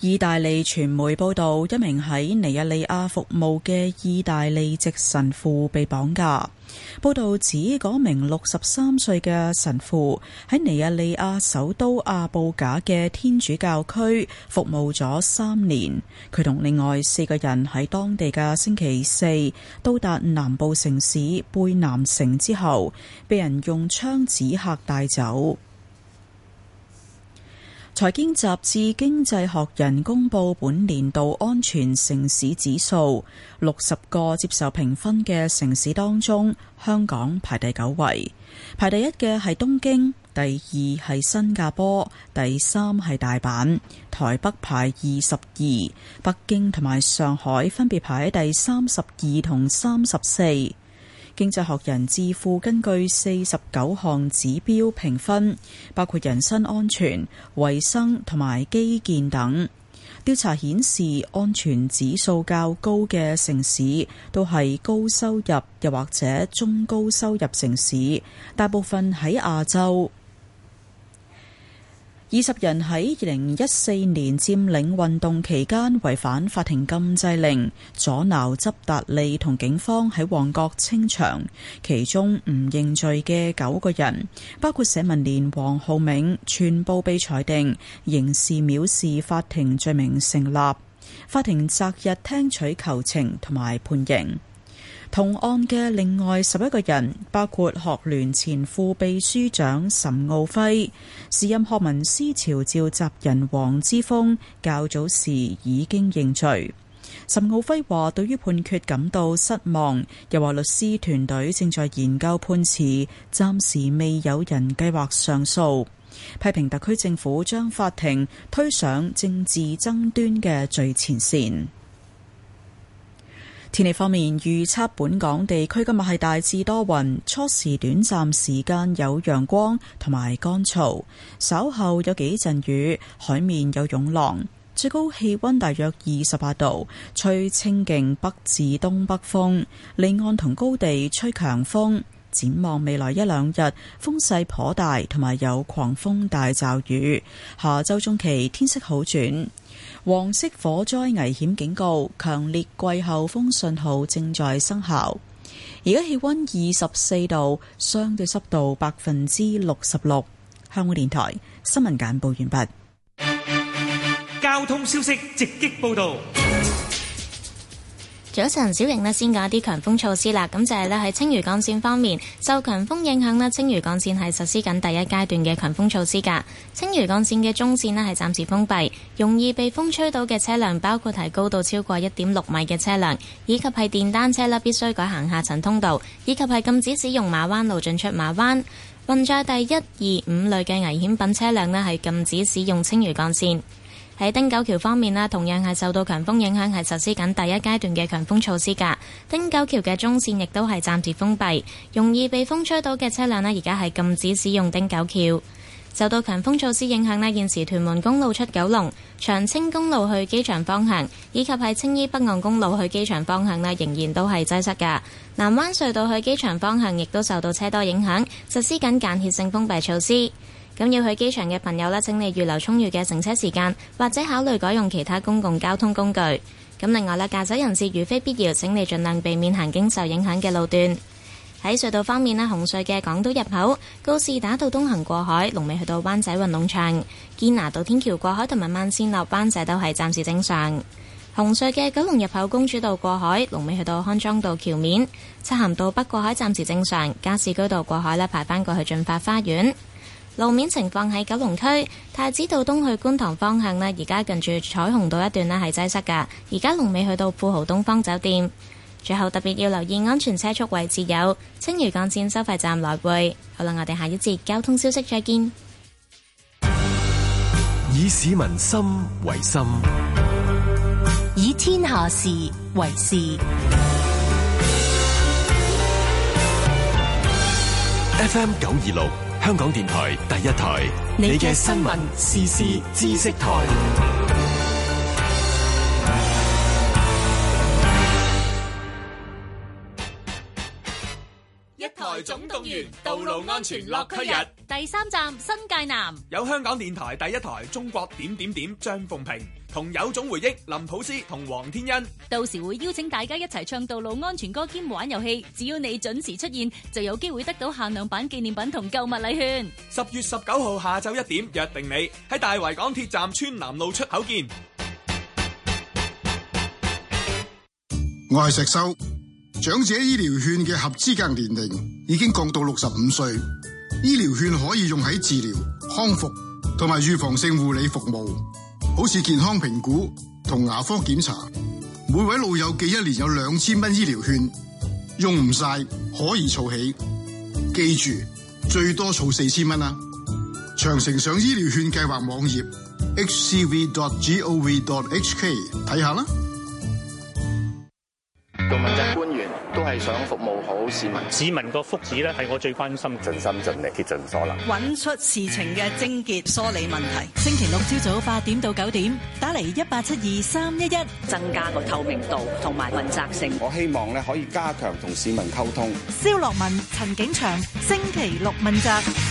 意大利傳媒報道，一名喺尼日利亞服務嘅意大利籍神父被綁架。報道指，嗰名六十三歲嘅神父喺尼日利亞首都阿布賈嘅天主教區服務咗三年。佢同另外四個人喺當地嘅星期四到達南部城市貝南城之後，被人用槍指嚇帶走。財經雜誌《經濟學人》公布本年度安全城市指數，六十個接受評分嘅城市當中，香港排第九位，排第一嘅係東京，第二係新加坡，第三係大阪，台北排二十二，北京同埋上海分別排喺第三十二同三十四。經濟學人智庫根據四十九項指標評分，包括人身安全、衞生同埋基建等。調查顯示，安全指數較高嘅城市都係高收入又或者中高收入城市，大部分喺亞洲。二十人喺二零一四年佔領運動期間違反法庭禁制令，阻撓執達利同警方喺旺角清場，其中唔認罪嘅九個人，包括社民連黃浩銘，全部被裁定刑事藐視法庭罪名成立。法庭擇日聽取求情同埋判刑。同案嘅另外十一個人，包括學聯前副秘書長岑敖輝，時任學民思潮召集人黃之鋒，較早時已經認罪。岑敖輝話對於判決感到失望，又話律師團隊正在研究判詞，暫時未有人計劃上訴，批評特區政府將法庭推上政治爭端嘅最前線。天氣方面，預測本港地區今日係大致多雲，初時短暫時間有陽光同埋乾燥，稍後有幾陣雨，海面有湧浪，最高氣溫大約二十八度，吹清勁北至東北風，離岸同高地吹強風。展望未來一兩日，風勢頗大，同埋有狂風大驟雨，下周中期天色好轉。黃色火災危險警告，強烈季候風信號正在生效。而家氣溫二十四度，相對濕度百分之六十六。香港電台新聞簡報完畢。交通消息直擊報導。早晨，小瑩呢先講一啲強風措施啦。咁就係咧喺青嶼幹線方面，受強風影響呢，青嶼幹線係實施緊第一階段嘅強風措施噶。青嶼幹線嘅中線呢係暫時封閉，容易被風吹到嘅車輛包括提高到超過一點六米嘅車輛，以及係電單車啦必須改行下層通道，以及係禁止使用馬灣路進出馬灣。運載第一、二、五類嘅危險品車輛呢係禁止使用青嶼幹線。喺汀九橋方面啦，同樣係受到強風影響，係實施緊第一階段嘅強風措施㗎。汀九橋嘅中線亦都係暫時封閉，容易被風吹到嘅車輛呢，而家係禁止使用汀九橋。受到強風措施影響呢，現時屯門公路出九龍、長青公路去機場方向，以及喺青衣北岸公路去機場方向呢，仍然都係擠塞㗎。南灣隧道去機場方向亦都受到車多影響，實施緊間歇性封閉措施。咁要去機場嘅朋友呢，請你預留充裕嘅乘車時間，或者考慮改用其他公共交通工具。咁另外咧，駕駛人士如非必要，請你盡量避免行經受影響嘅路段。喺隧道方面呢，紅隧嘅港島入口、高士打道東行過海、龍尾去到灣仔運動場、堅拿道天橋過海同埋慢線落灣仔都係暫時正常。紅隧嘅九龍入口公主道過海、龍尾去到康莊道橋面、漆鹹道北過海暫時正常。加士居道過海呢，排返過去進發花園。路面情況喺九龍區太子道東去觀塘方向呢而家近住彩虹道一段呢係擠塞噶，而家龍尾去到富豪東方酒店。最後特別要留意安全車速位置有青嶼幹線收費站來回。好啦，我哋下一節交通消息再見。以市民心為心，以天下事為事。F. M. 九二六。 香港電台第一台，你嘅新聞時事知識台。.總動員，道路安全落區日，第三站新界南，有香港電台第一台中國點點點張鳳平，同有種回憶林普斯同黃天恩，到時會邀請大家一齊唱道路安全歌兼玩遊戲，只要你準時出現，就有機會得到限量版紀念品同購物禮券。十月十九號下晝一點，約定你喺大圍港鐵站村南路出口見。我係石修。長者醫療券嘅合資格年齡已經降到六十五歲，醫療券可以用喺治療、康復同埋預防性護理服務，好似健康評估同牙科檢查。每位老友記一年有兩千蚊醫療券，用唔晒可以儲起，記住最多儲四千蚊啦。長城上醫療券計劃網頁 hcv.gov.hk 睇下啦。都係想服務好市民，市民個福祉咧係我最關心，盡心盡力，竭盡所能，揾出事情嘅症結，梳理問題。星期六朝早八點到九點，打嚟一八七二三一一，增加個透明度同埋問責性。我希望咧可以加強同市民溝通。蕭洛汶、陳景祥，星期六問責。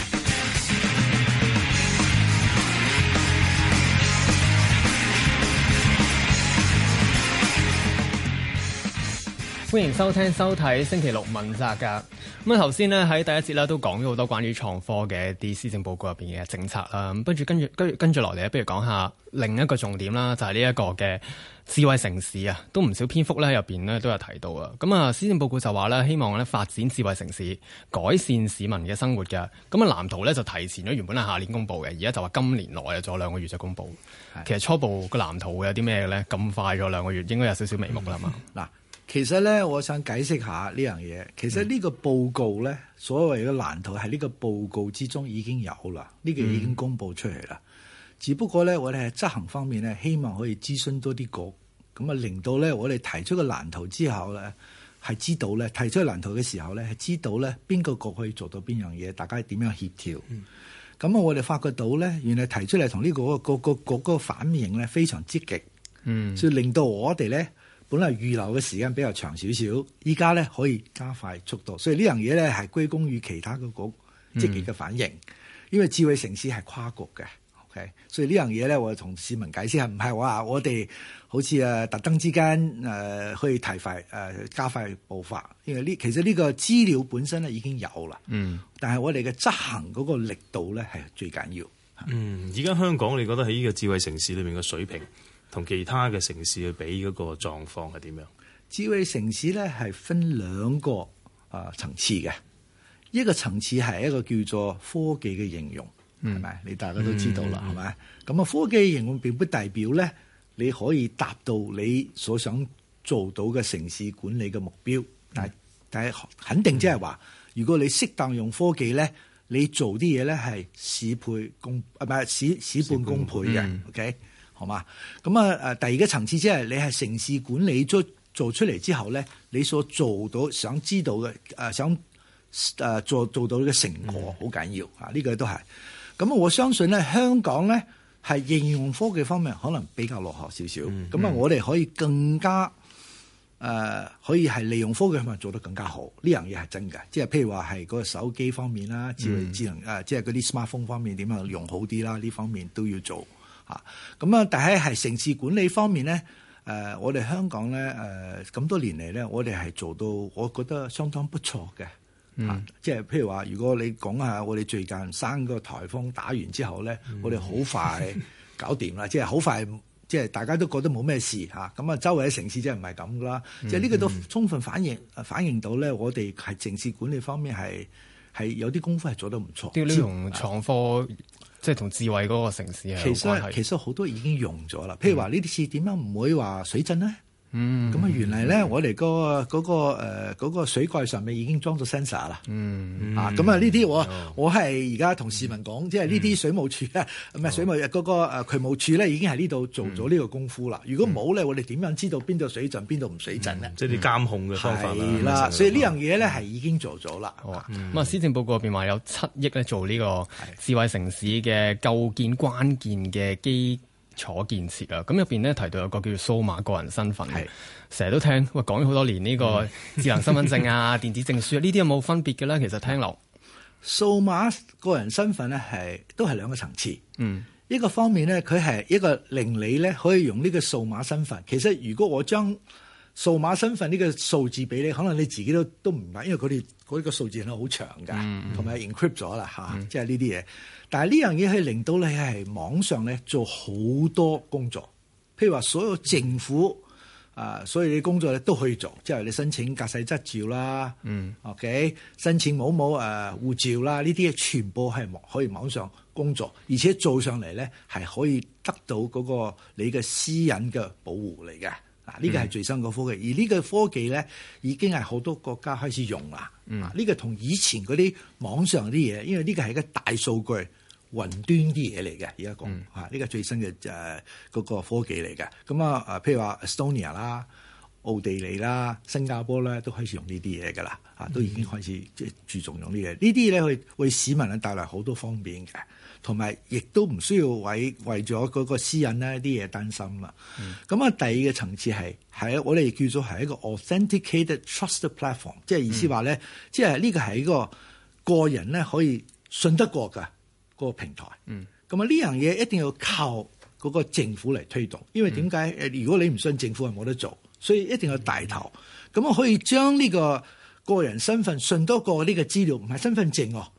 歡迎收聽收睇星期六問責噶咁啊！頭先咧喺第一節咧都講咗好多關於創科嘅一啲施政報告入邊嘅政策啦。咁跟住跟住跟住跟住落嚟，不如講下另一個重點啦，就係呢一個嘅智慧城市啊，都唔少篇幅咧入邊咧都有提到啊。咁啊，施政報告就話咧希望咧發展智慧城市，改善市民嘅生活㗎，咁啊，藍圖咧就提前咗原本係下年公布嘅，而家就話今年內啊，再兩個月就公布。的其實初步個藍圖有啲咩咧？咁快咗兩個月，應該有少少眉目啦嘛。嗱。 其實咧，我想解釋下呢樣嘢。其實呢個報告咧，所謂嘅難圖係呢個報告之中已經有啦，呢、呢個已經公佈出嚟啦。嗯、只不過咧，我哋喺執行方面咧，希望可以諮詢多啲局，咁啊，令到咧我哋提出個難圖之後咧，係知道咧提出難圖嘅時候咧係知道咧邊個局可以做到邊樣嘢，大家係點樣協調。咁啊、嗯，我哋發覺到咧，原來提出嚟同呢個個個局嗰個反應咧非常積極，嗯，所以令到我哋咧，本來預留嘅時間比較長少少，依家咧可以加快速度，所以呢樣嘢咧係歸功於其他嘅局積極嘅反應，嗯、因為智慧城市係跨局嘅，OK，所以呢樣嘢咧我同市民解釋係唔係話我哋好似誒特登之間、呃、可以提快誒、呃、加快步伐，因為呢其實呢個資料本身咧已經有啦，嗯，但係我哋嘅執行嗰個力度咧係最緊要。嗯，而家香港你覺得喺呢個智慧城市裏邊嘅水平？同其他嘅城市去比嗰個狀況係點樣？智慧城市咧係分兩個啊層次嘅，一個層次係一個叫做科技嘅應用，係咪、嗯？你大家都知道啦，係咪？咁啊，科技應用並不代表咧，你可以達到你所想做到嘅城市管理嘅目標，嗯、但係，但係肯定即係話，嗯、如果你適當用科技咧，你做啲嘢咧係事倍功啊，唔係事事半功倍嘅。嗯、OK。好嘛？咁啊誒，第二個層次即係你係城市管理咗做，做出嚟之後咧，你所做到想知道嘅誒、呃、想誒、呃、做做到嘅成果好緊要、mm hmm. 啊！呢、這個都係。咁我相信咧香港咧係應用科技方面可能比較落後少少。咁啊、mm，hmm. 我哋可以更加誒、呃、可以係利用科技方面做得更加好。呢樣嘢係真嘅，即係譬如話係嗰個手機方面啦，智慧智能誒、mm hmm. 呃，即係嗰啲 smartphone 方面點啊用好啲啦？呢方面都要做。咁啊，但喺係城市管理方面咧、呃，我哋香港咧，咁、呃、多年嚟咧，我哋係做到，我覺得相當不錯嘅、嗯啊，即係譬如話，如果你講下我哋最近生個颱風打完之後咧，嗯、我哋好快搞掂啦，即係好快， 即係大家都覺得冇咩事咁啊，周圍嘅城市是是、嗯、即係唔係咁噶啦，即係呢個都充分反映、嗯、反映到咧，我哋係城市管理方面係係有啲功夫係做得唔錯，同創科。即係同智慧嗰個城市一樣，其實其實好多已經用咗啦，嗯、譬如話呢啲事，點解唔會話水浸咧？嗯，咁啊，原嚟咧，我哋、那個嗰、那個誒，嗰、呃那個水蓋上面已經裝咗 sensor 啦。嗯，啊，咁啊，呢啲我我係而家同市民講，即係呢啲水務處啊，唔係、嗯嗯、水務嗰、嗯那個誒渠務處咧，已經喺呢度做咗呢個功夫啦。嗯、如果冇咧，我哋點樣知道邊度水浸，邊度唔水浸呢？即係啲監控嘅方法、嗯、啦。法所以呢樣嘢咧係已經做咗啦。好咁啊，施、嗯嗯、政報告入邊話有七億咧做呢個智慧城市嘅構建關鍵嘅機。坐建設啊，咁入邊咧提到有個叫做數碼個人身份嘅，成日是都聽喂講咗好多年，呢個智能身份證啊、 電子證書啊，呢啲有冇分別嘅咧？其實聽落數碼個人身份咧係都係兩個層次，嗯，一個方面咧佢係一個令你咧可以用呢個數碼身份，其實如果我將數碼身份呢個數字俾你，可能你自己都都唔明，因為佢哋。嗰一個數字係好長嘅，同埋 encrypt 咗啦嚇，即係呢啲嘢。但係呢樣嘢係令到你係網上咧做好多工作，譬如話所有政府啊、呃，所有嘅工作咧都可以做，即、就、係、是、你申請駕駛執照啦，OK，申請某某誒、呃、護照啦，呢啲全部係可以網上工作，而且做上嚟咧係可以得到嗰個你嘅私隱嘅保護嚟嘅。嗱、啊，呢個係最新嘅科技，嗯、而呢個科技咧已經係好多國家開始用啦。嗯，呢、啊呢個同以前嗰啲網上啲嘢，因為呢個係一個大數據雲端啲嘢嚟嘅，而家講吓，呢、嗯啊呢個最新嘅誒嗰個科技嚟嘅。咁啊誒、呃，譬如話 Estonia 啦、奧地利啦、新加坡咧，都開始用呢啲嘢噶啦，啊都已經開始即係注重用呢嘢，呢啲咧去為市民咧帶來好多方便嘅。同埋，亦都唔需要為為咗嗰個私隱呢啲嘢擔心啦。咁啊、嗯，第二嘅層次係喺我哋叫做係一個 authenticated trusted platform，即係、嗯、意思話咧，即係呢個係一個個人咧可以信得過嘅個、那個平台。嗯，咁啊，呢樣嘢一定要靠嗰個政府嚟推動，因為點解？嗯、如果你唔信政府，係冇得做，所以一定要帶頭。咁啊、嗯，可以將呢個個人身份信得過呢個資料，唔係身份證哦。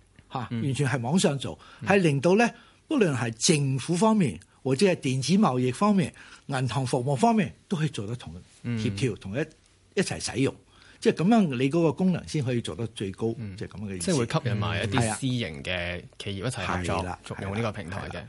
嗯、完全係網上做，係令到咧，是不論係政府方面，或者係電子貿易方面、銀行服務方面，都可以做得同協調、嗯、同一一齊使用。即係咁樣，你嗰個功能先可以做得最高。即係咁樣嘅意思。即係會吸引埋一啲私營嘅、嗯嗯、企業一齊合作，是啊、用呢個平台嘅。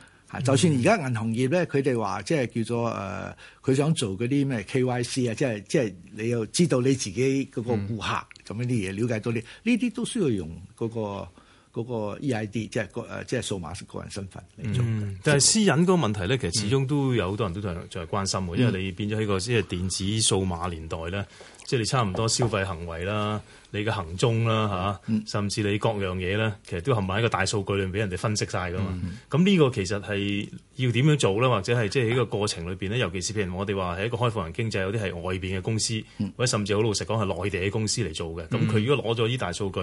就算而家銀行業咧，佢哋話即係叫做誒，佢想做嗰啲咩 K Y C 啊，即係即係你又知道你自己嗰個顧客咁、嗯、樣啲嘢，了解到你呢啲都需要用嗰、嗰個。嗰個 EID 即係個誒即係數碼個人身份嚟做、嗯，但係私隱嗰個問題咧，其實始終都有好多人都在在關心嘅，嗯、因為你變咗喺個即係電子數碼年代咧，即、就、係、是、你差唔多消費行為啦。你嘅行蹤啦嚇，甚至你各樣嘢咧，其實都含埋喺個大數據裏邊俾人哋分析晒噶嘛。咁呢、嗯、個其實係要點樣做咧？或者係即係喺個過程裏面咧，尤其是譬如我哋話係一個開放型經濟，有啲係外邊嘅公司，或者甚至好老實講係內地嘅公司嚟做嘅。咁佢、嗯、如果攞咗呢大數據，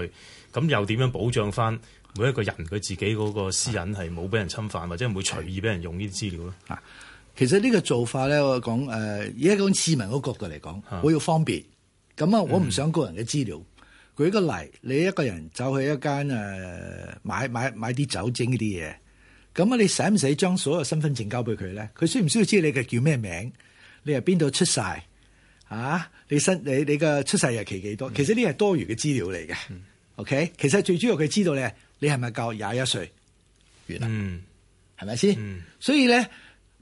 咁又點樣保障翻每一個人佢自己嗰個私隱係冇俾人侵犯，嗯、或者唔會隨意俾人用呢啲資料咧？其實呢個做法咧，我講誒，而家講市民嗰個角度嚟講，我要方便，咁啊、嗯，我唔想個人嘅資料。舉個例，你一個人走去一間誒買買買啲酒精嗰啲嘢，咁啊你使唔使將所有身份證交俾佢咧？佢需唔需要知道你嘅叫咩名？你係邊度出世啊？你身你你嘅出世日期幾多？其實呢係多餘嘅資料嚟嘅。嗯、OK，其實最主要佢知道你係你係咪夠廿一歲完啦？係咪先？是是嗯、所以咧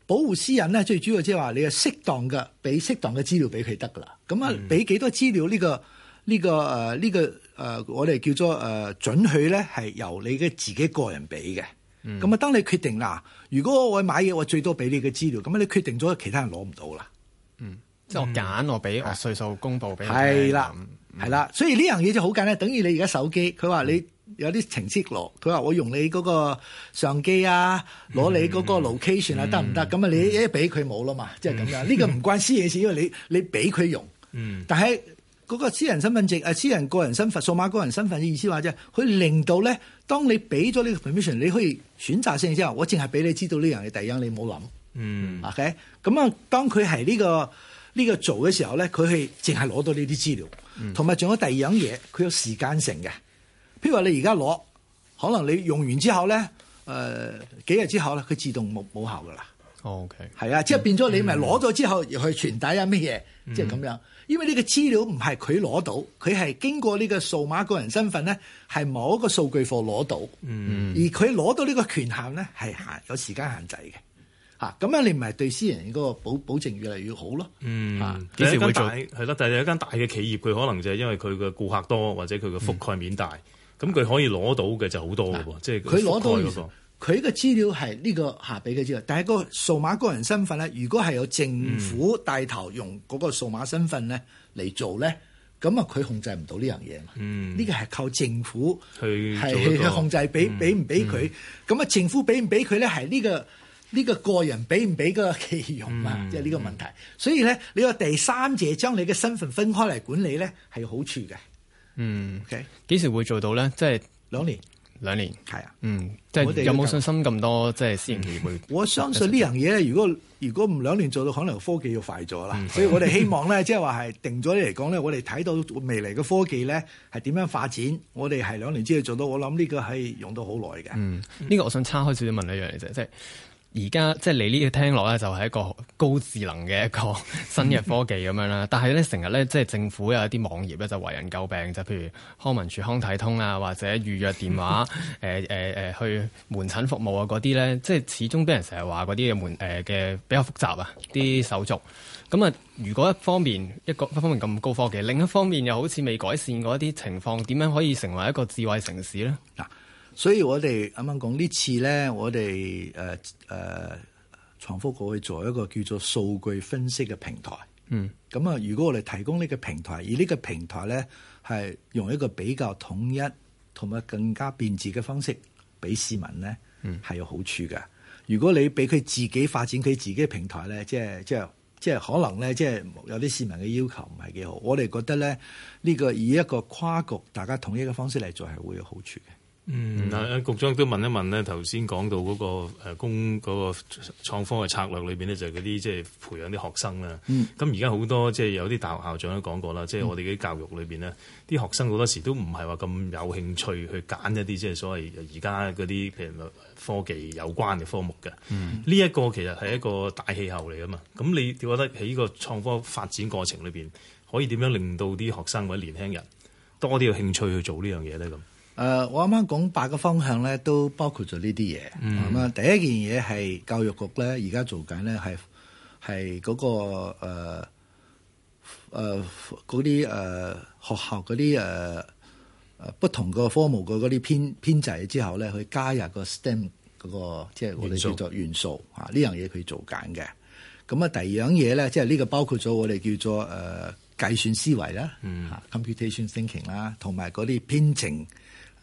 保護私隱咧最主要即係話你係適當嘅俾適當嘅資料俾佢得噶啦。咁啊俾幾多資料呢、這個？呢、這個誒呢、呃這個誒、呃，我哋叫做「誒准許咧，係由你嘅自己個人俾嘅。咁啊、嗯，當你決定啦，如果我買嘢，我最多俾你嘅資料。咁啊，你決定咗，其他人攞唔到啦。嗯，即我揀我俾，我稅數公布俾你係啦，係啦。所以呢樣嘢就好簡單，等於你而家手機。佢話你有啲程式攞，佢話我用你嗰個相機啊，攞你嗰個 location 啊，得唔得？咁啊，嗯、你一俾佢冇啦嘛，即係咁樣。呢、嗯、個唔關私嘢事，因為你你俾佢用。嗯，但係。嗰個私人身份證，誒、啊、私人個人身份數碼個人身份嘅意思話啫，佢令到咧，當你俾咗呢個 permission，你可以選擇性之後，我淨係俾你知道呢樣嘢，第二樣你冇諗，嗯，OK，咁啊、呢個，當佢係呢個呢個做嘅時候咧，佢係淨係攞到呢啲資料，同埋仲有第二樣嘢，佢有時間性嘅，譬如話你而家攞，可能你用完之後咧，誒、呃、幾日之後咧，佢自動冇冇效㗎喇。O K，係啊，即係變咗你咪攞咗之後去傳，去傳遞呀乜嘢？即係咁樣。因為呢個資料唔係佢攞到，佢係經過呢個數碼個人身份咧，係某一個數據庫攞到，嗯，而佢攞到呢個權限咧係限有時間限制嘅。吓、啊，咁樣你唔係對私人嗰個保保證越嚟越好咯。嗯、啊，幾時會做？係喇、啊，對但係有一間大嘅企業，佢可能就係因為佢嘅顧客多，或者佢嘅覆蓋面大，咁佢、嗯、可以攞到嘅就好多嘅喎。即係佢攞到佢嘅資料係呢個下俾佢資料，但係個數碼個人身份咧，如果係有政府帶頭用嗰個數碼身份咧嚟做咧，咁啊佢控制唔到呢樣嘢嘛？嗯，呢個係靠政府去控制，俾俾唔俾佢。咁啊，政府俾唔俾佢咧係呢個呢個個人俾唔俾嗰個利用啊？即係呢個問題。所以咧，你個第三者將你嘅身份分開嚟管理咧係有好處嘅。嗯，OK，幾時會做到咧？即係兩年。兩年係啊，嗯，即係我哋有冇信心咁多，即係私營企業會？我相信呢樣嘢咧，如果如果唔兩年做到，可能科技要快咗啦。嗯、所以我哋希望咧， 即係話係定咗嚟講咧，我哋睇到未來嘅科技咧係點樣發展，我哋係兩年之內做到，我諗呢個係用到好耐嘅。嗯，呢、這個我想岔開少少問你一樣嘢啫，嗯、即係。而家即係你呢個聽落咧，就係一個高智能嘅一個新嘅科技咁樣啦。 但係咧，成日咧即係政府有一啲網頁咧，就為人詬病，就譬如康文署康體通啊，或者預約電話，誒誒誒去門診服務啊嗰啲咧，即係始終俾人成日話嗰啲嘅門誒嘅、呃、比較複雜啊，啲手續。咁啊，如果一方面一個一方面咁高科技，另一方面又好似未改善過一啲情況，點樣可以成為一個智慧城市咧？嗱。所以我哋啱啱講呢次咧，我哋誒誒重複過去做一個叫做數據分析嘅平台。嗯，咁啊，如果我哋提供呢個平台，而呢個平台咧係用一個比較統一同埋更加便捷嘅方式，俾市民咧，嗯，係有好處嘅。如果你俾佢自己發展佢自己嘅平台咧，即係即係即係可能咧，即係有啲市民嘅要求唔係幾好。我哋覺得咧，呢個以一個跨局大家統一嘅方式嚟做係會有好處嘅。嗯，嗱、嗯，局長都問一問咧，頭先講到嗰、那個、呃、工嗰、那個創科嘅策略裏邊，呢就係嗰啲即係培養啲學生啦。咁而家好多即係、就是、有啲大學校長都講過啦，即、就、係、是、我哋啲教育裏邊呢，啲、嗯、學生好多時都唔係話咁有興趣去揀一啲即係所謂而家嗰啲譬如科技有關嘅科目嘅。呢一、嗯、個其實係一個大氣候嚟㗎嘛。咁你覺得喺呢個創科發展過程裏邊，可以點樣令到啲學生或者年輕人多啲嘅興趣去做呢樣嘢咧？咁？誒、呃，我啱啱講八個方向咧，都包括咗呢啲嘢。咁、嗯、啊，第一件嘢係教育局咧，而家做緊咧係係嗰個誒嗰啲誒學校嗰啲誒誒不同個科目嗰啲編編制之後咧，去加入個 STEM 嗰、那個即係、就是、我哋叫做元素，元素啊。呢樣嘢佢做緊嘅。咁啊，第二樣嘢咧，即係呢個包括咗我哋叫做誒、啊、計算思維啦、嗯啊、computation thinking 啦、啊，同埋嗰啲編程。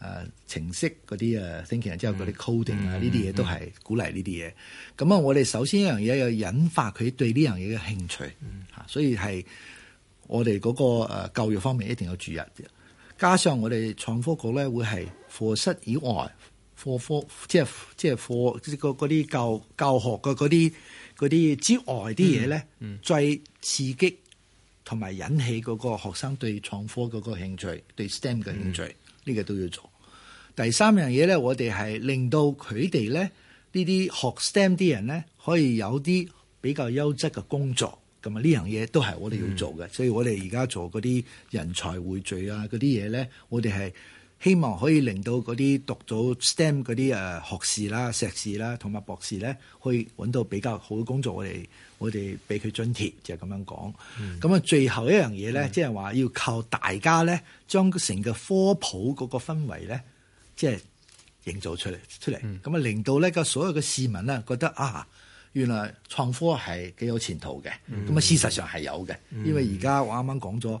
誒、呃、程式啲嗰啲誒 thinking，然之後、嗯、啲 coding 啊，呢啲嘢都係鼓勵呢啲嘢。咁啊、嗯，嗯、咁我哋首先一樣嘢要引發佢對呢樣嘢嘅興趣，吓、嗯，所以係我哋、嗰個誒、呃、教育方面一定要注意啲。加上我哋創科局咧會係課室以外課科，即係即係課即係嗰啲教教學嘅啲啲之外啲嘢咧，嗯嗯、最刺激同埋引起嗰個學生對創科嗰個興趣，對 STEM 嘅興趣，呢、嗯、個都要做。第三樣嘢咧，我哋係令到佢哋咧呢啲學 STEM 啲人咧，可以有啲比較優質嘅工作。咁啊，呢樣嘢都係我哋要做嘅，嗯、所以我哋而家做嗰啲人才匯聚啊，嗰啲嘢咧，我哋係希望可以令到嗰啲讀咗 STEM 嗰啲、呃、學士啦、碩士啦同埋博士咧，可以揾到比較好嘅工作。我哋我哋俾佢津貼就係咁樣講。咁啊、嗯，最後一樣嘢咧，即係話要靠大家咧，將成個科普嗰個氛圍咧。即係營造出嚟出嚟，咁啊令到呢個所有嘅市民咧覺得啊，原來創科係幾有前途嘅。咁啊、嗯、事實上係有嘅，嗯、因為而家我啱啱講咗誒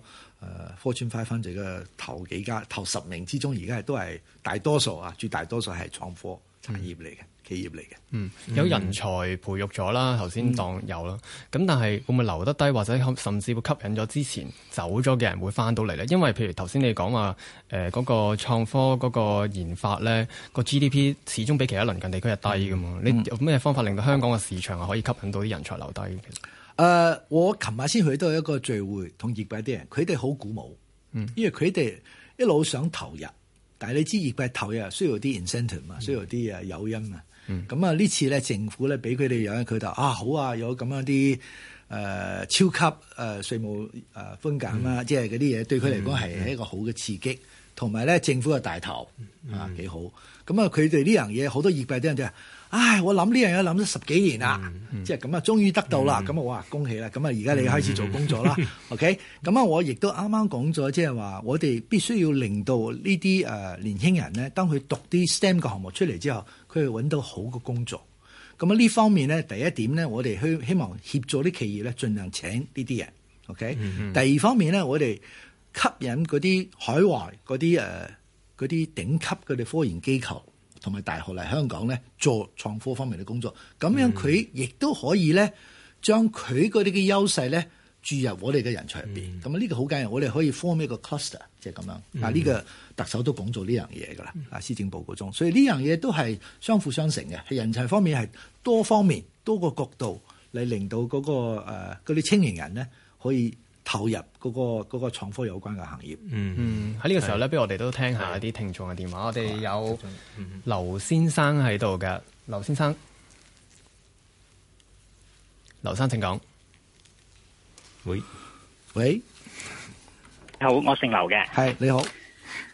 Fortune 500嘅頭幾家頭十名之中，而家係都係大多數啊，絕大多數係創科產業嚟嘅。嗯企業嚟嘅，嗯，有人才培育咗啦，頭先、嗯、當有啦，咁、嗯、但係會唔會留得低，或者甚至會吸引咗之前走咗嘅人會翻到嚟咧？因為譬如頭先你講話，誒、呃，嗰、嗰個創科嗰個研發咧，個 GDP 始終比其他鄰近地區係低噶嘛，嗯、你有咩方法令到香港嘅市場係可以吸引到啲人才留低？誒、呃，我琴日先去到一個聚會，同業界啲人，佢哋好鼓舞，嗯，因為佢哋一路想投入，但係你知業界投入需要啲 incentive 嘛，需要啲啊誘因啊。嗯嗯咁、嗯、啊！呢次咧，政府咧俾佢哋有咧，佢就啊好啊，有咁樣啲誒、呃、超級誒稅、呃、務誒寬減啦，即係嗰啲嘢對佢嚟講係一個好嘅刺激，同埋咧政府嘅大頭啊幾好。咁、嗯、啊，佢哋呢樣嘢好多業界啲人就。唉，我諗呢樣嘢諗咗十幾年啦，即係咁啊，嗯、終於得到啦。咁啊、嗯，我話恭喜啦。咁啊，而家你開始做工作啦。嗯、OK，咁啊，我亦都啱啱講咗，即係話我哋必須要令到呢啲誒年輕人咧，當佢讀啲 STEM 嘅項目出嚟之後，佢哋揾到好嘅工作。咁啊，呢方面咧，第一點咧，我哋希希望協助啲企業咧，盡量請呢啲人。OK、嗯嗯、第二方面咧，我哋吸引嗰啲海外嗰啲誒嗰啲頂級嗰啲科研機構，同埋大學嚟香港咧做創科方面嘅工作，咁樣佢亦都可以咧將佢嗰啲嘅優勢咧注入我哋嘅人才入面。咁啊，呢個好緊要，我哋可以 form 一個 cluster，即係咁樣。嗱呢、嗯啊呢個特首都講做呢樣嘢噶啦。啊、嗯，施政報告中，所以呢樣嘢都係相輔相成嘅，喺人才方面係多方面多個角度嚟令到嗰、嗰個嗰啲、呃、青年人咧可以。投入嗰個嗰個創科有關嘅行業。嗯，喺、嗯、呢個時候咧，是不如我哋都聽下一啲聽眾嘅電話。的我哋有劉先生喺度嘅，嗯、劉先生，嗯、劉先生請講。喂喂，你好，我姓劉嘅。係你好，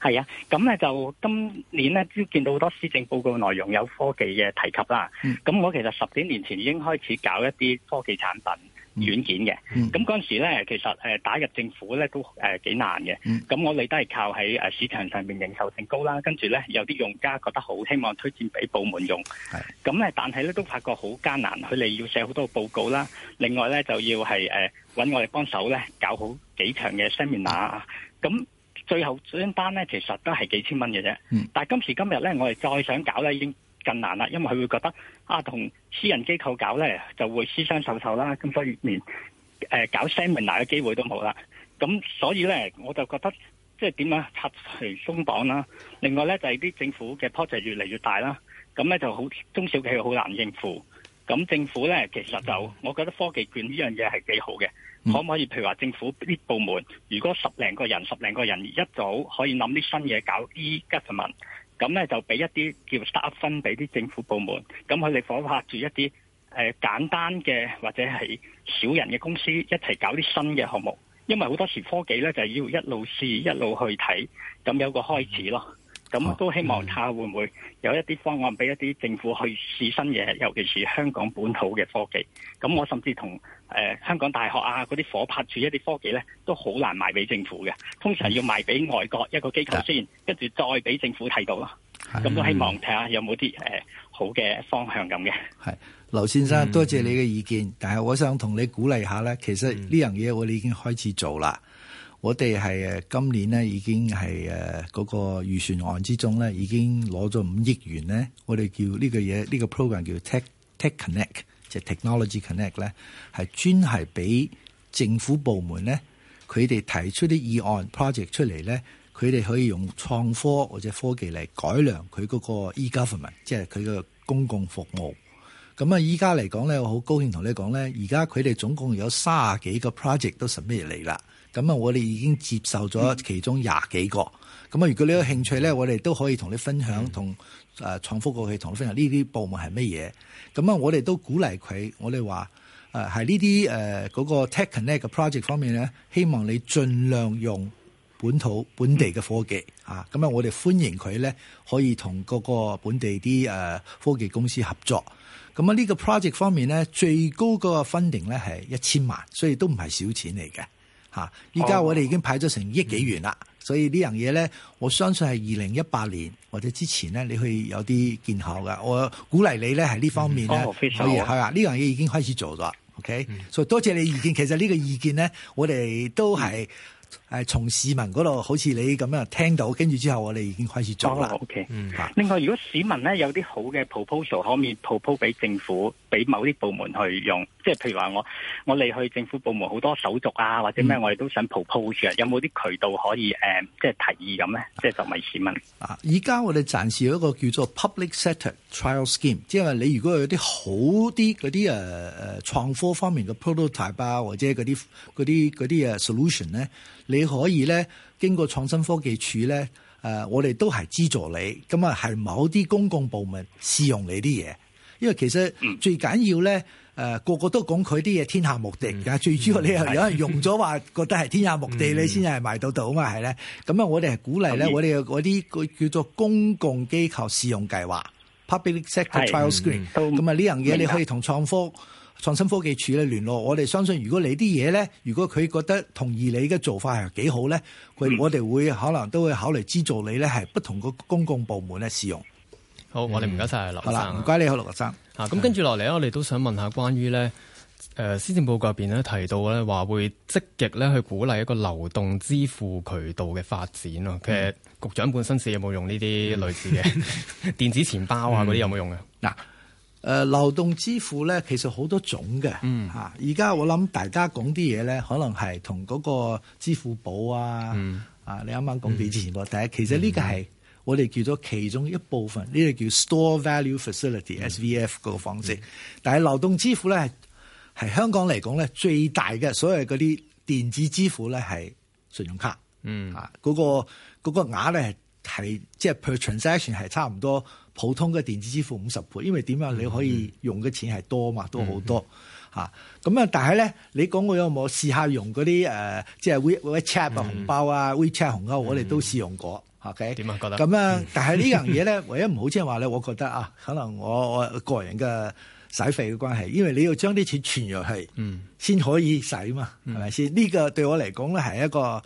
係啊。咁咧就今年呢，都見到好多施政報告內容有科技嘅提及啦。咁、嗯、我其實十幾年前已經開始搞一啲科技產品。軟件嘅，咁嗰、嗯、陣時咧，其實打入政府咧都誒幾難嘅。咁、嗯、我哋都係靠喺市場上面認受性高啦，跟住咧有啲用家覺得好，希望推薦俾部門用。咁咧是但係咧都發覺好艱難，佢哋要寫好多報告啦。另外咧就要係誒揾我哋幫手咧搞好幾場嘅 seminar 啊。咁最後張單咧其實都係幾千蚊嘅啫。嗯、但今時今日咧，我哋再想搞咧已經更難啦，因為佢會覺得啊，同私人機構搞呢就會私相授受啦，咁所以連誒、呃、搞 seminar 嘅機會都冇啦。咁所以呢，我就覺得即係點樣，拆除鬆綁啦。另外呢，就係、是、啲政府嘅 project 越嚟越大啦，咁呢就好中小企好難應付。咁政府呢，其實就，我覺得科技券呢樣嘢係幾好嘅，可唔可以譬如話政府啲部門，如果十零個人十零個人一組可以諗啲新嘢搞 e 咁咧就俾一啲叫 start fund 俾啲政府部門，咁佢哋夥拍住一啲誒簡單嘅或者係少人嘅公司一齊搞啲新嘅項目，因為好多時科技咧就係要一路試一路去睇，咁有個開始咯。咁、哦嗯、都希望睇下會唔會有一啲方案俾一啲政府去試新嘢，尤其是香港本土嘅科技。咁、嗯、我甚至同、呃、香港大學啊嗰啲火拍住一啲科技咧，都好難賣俾政府嘅。通常要賣俾外國一個機構先，跟住是再俾政府睇到咯。咁都是希望睇下有冇啲誒好嘅方向咁嘅。係劉先生多謝你嘅意見。嗯、但係我想同你鼓勵下咧，其實呢樣嘢我哋已經開始做啦。我哋係今年咧，已經係嗰個預算案之中咧，已經攞咗五億元咧。我哋叫呢個嘢，呢、這個 program 叫 Tech Tech Connect，即係 Technology Connect 咧，係專係俾政府部門咧，佢哋提出啲議案 project 出嚟咧，佢哋可以用創科或者科技嚟改良佢嗰個 e-government，即係佢個公共服務。咁啊，依家嚟講咧，我好高興同你講咧，而家佢哋總共有卅幾個 project 都 s 咩嚟啦。咁啊，我哋已經接受咗其中廿幾個。咁啊、嗯，如果你有興趣咧，嗯、我哋都可以同你分享，同誒創富過去同你分享呢啲部門係乜嘢。咁啊，我哋都鼓勵佢，我哋話誒喺呢啲誒嗰個 tech connect 嘅 project 方面咧，希望你盡量用本土本地嘅科技、嗯、啊。咁啊，我哋歡迎佢咧可以同嗰個本地啲誒、呃、科技公司合作。咁啊，呢個 project 方面咧，最高嗰個 funding 呢係一千萬，所以都唔係少錢嚟嘅。啊！依家我哋已經派咗成億幾元啦，哦、所以呢樣嘢咧，我相信係二零一八年或者之前咧，你可以有啲見效㗎。我鼓勵你咧，喺呢方面咧，嗯哦、所以非常好、係啊，呢樣嘢已經開始做咗。OK，、嗯、所以多謝你意見。其實呢個意見咧，我哋都係、嗯。係從市民嗰度，好似你咁樣聽到，跟住之後我哋已經開始做啦。Oh, OK，嗯。另外，如果市民咧有啲好嘅 proposal，可唔可以 propose 俾政府，俾某啲部門去用？即係譬如話，我我哋去政府部門好多手續啊，或者咩，我哋都想 propose，、嗯、有冇啲渠道可以、呃、即係提議咁咧？即係、啊、就係市民。啊，而家我哋暫時有一個叫做 public sector trial scheme，即係你如果有啲好啲嗰啲誒誒創科方面嘅 prototype 啊，或者嗰啲啲啲 solution 咧。你可以咧，經過創新科技處咧，誒、呃，我哋都係資助你，咁啊，係某啲公共部門試用你啲嘢，因為其實最緊要咧，誒、嗯呃，個個都講佢啲嘢天下無敵，但、嗯、最主要你有人用咗話是覺得係天下無敵，嗯、你先係埋到到啊嘛，係咧，咁、嗯、啊，我哋係鼓勵咧，我哋有嗰啲叫叫做公共機構試用計劃、嗯、（public sector trial s c r e e n 咁啊，呢、嗯嗯、樣嘢你可以同創科。創新科技處理聯絡我哋，相信如果你啲嘢咧，如果佢覺得同意你嘅做法係幾好咧，佢、嗯、我哋會可能都會考慮資助你咧，係不同個公共部門咧使用。好，我哋唔該曬陸生，唔該、嗯、你好陸生。吓、啊。咁跟住落嚟，我哋都想問下關於咧，誒、呃，施政報告入邊咧提到咧話會積極咧去鼓勵一個流動支付渠道嘅發展咯。嗯、其實局長本身是有冇用呢啲類似嘅電子錢包啊，嗰啲有冇用嘅嗱？嗯嗯誒流動支付咧，其實好多種嘅嚇。而家我諗大家講啲嘢咧，可能係同嗰個支付寶啊，啊、嗯、你啱啱講嘅之前噉，嗯、但係其實呢個係我哋叫做其中一部分，呢、嗯、個叫 Store Value Facility（SVF）、嗯、嗰個方式。嗯嗯、但係流動支付咧，係香港嚟講咧，最大嘅所謂嗰啲電子支付咧，係信用卡，嚇嗰、嗯啊嗰個嗰、嗰個額咧係即係 per transaction 係差唔多。普通嘅電子支付五十倍，因為點樣你可以用嘅錢係多嘛，都好多吓咁、嗯、哼啊，但係咧，你講我有冇試下用嗰啲誒，即係 WeChat 啊、紅包啊、WeChat 紅包，我哋都試用過。O K，點啊覺得？咁樣，但係呢樣嘢咧，唯一唔好即係話咧，我覺得啊，可能我我個人嘅使費嘅關係，因為你要將啲錢存入去，先、嗯、哼可以使嘛，係咪先？呢、呢個對我嚟講咧，係一個。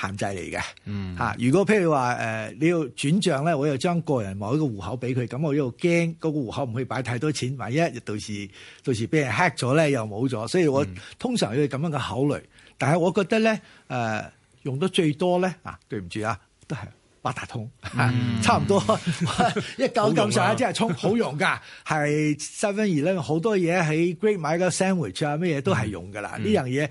限制嚟嘅嚇，如果譬如話誒、呃、你要轉賬咧，我又將個人某一個戶口俾佢，咁我又驚嗰個戶口唔可以擺太多錢，萬一到時到時俾人 hack 咗咧又冇咗，所以我通常要咁樣嘅考慮。嗯、但係我覺得咧、呃、用得最多呢，啊，對唔住啊，都係八達通、啊嗯、差唔多、嗯、 一九咁上下真係充好用噶、啊，係三 分二咧好多嘢喺 Great 買個 sandwich 啊咩嘢都係用噶啦，呢、嗯、樣嘢、嗯、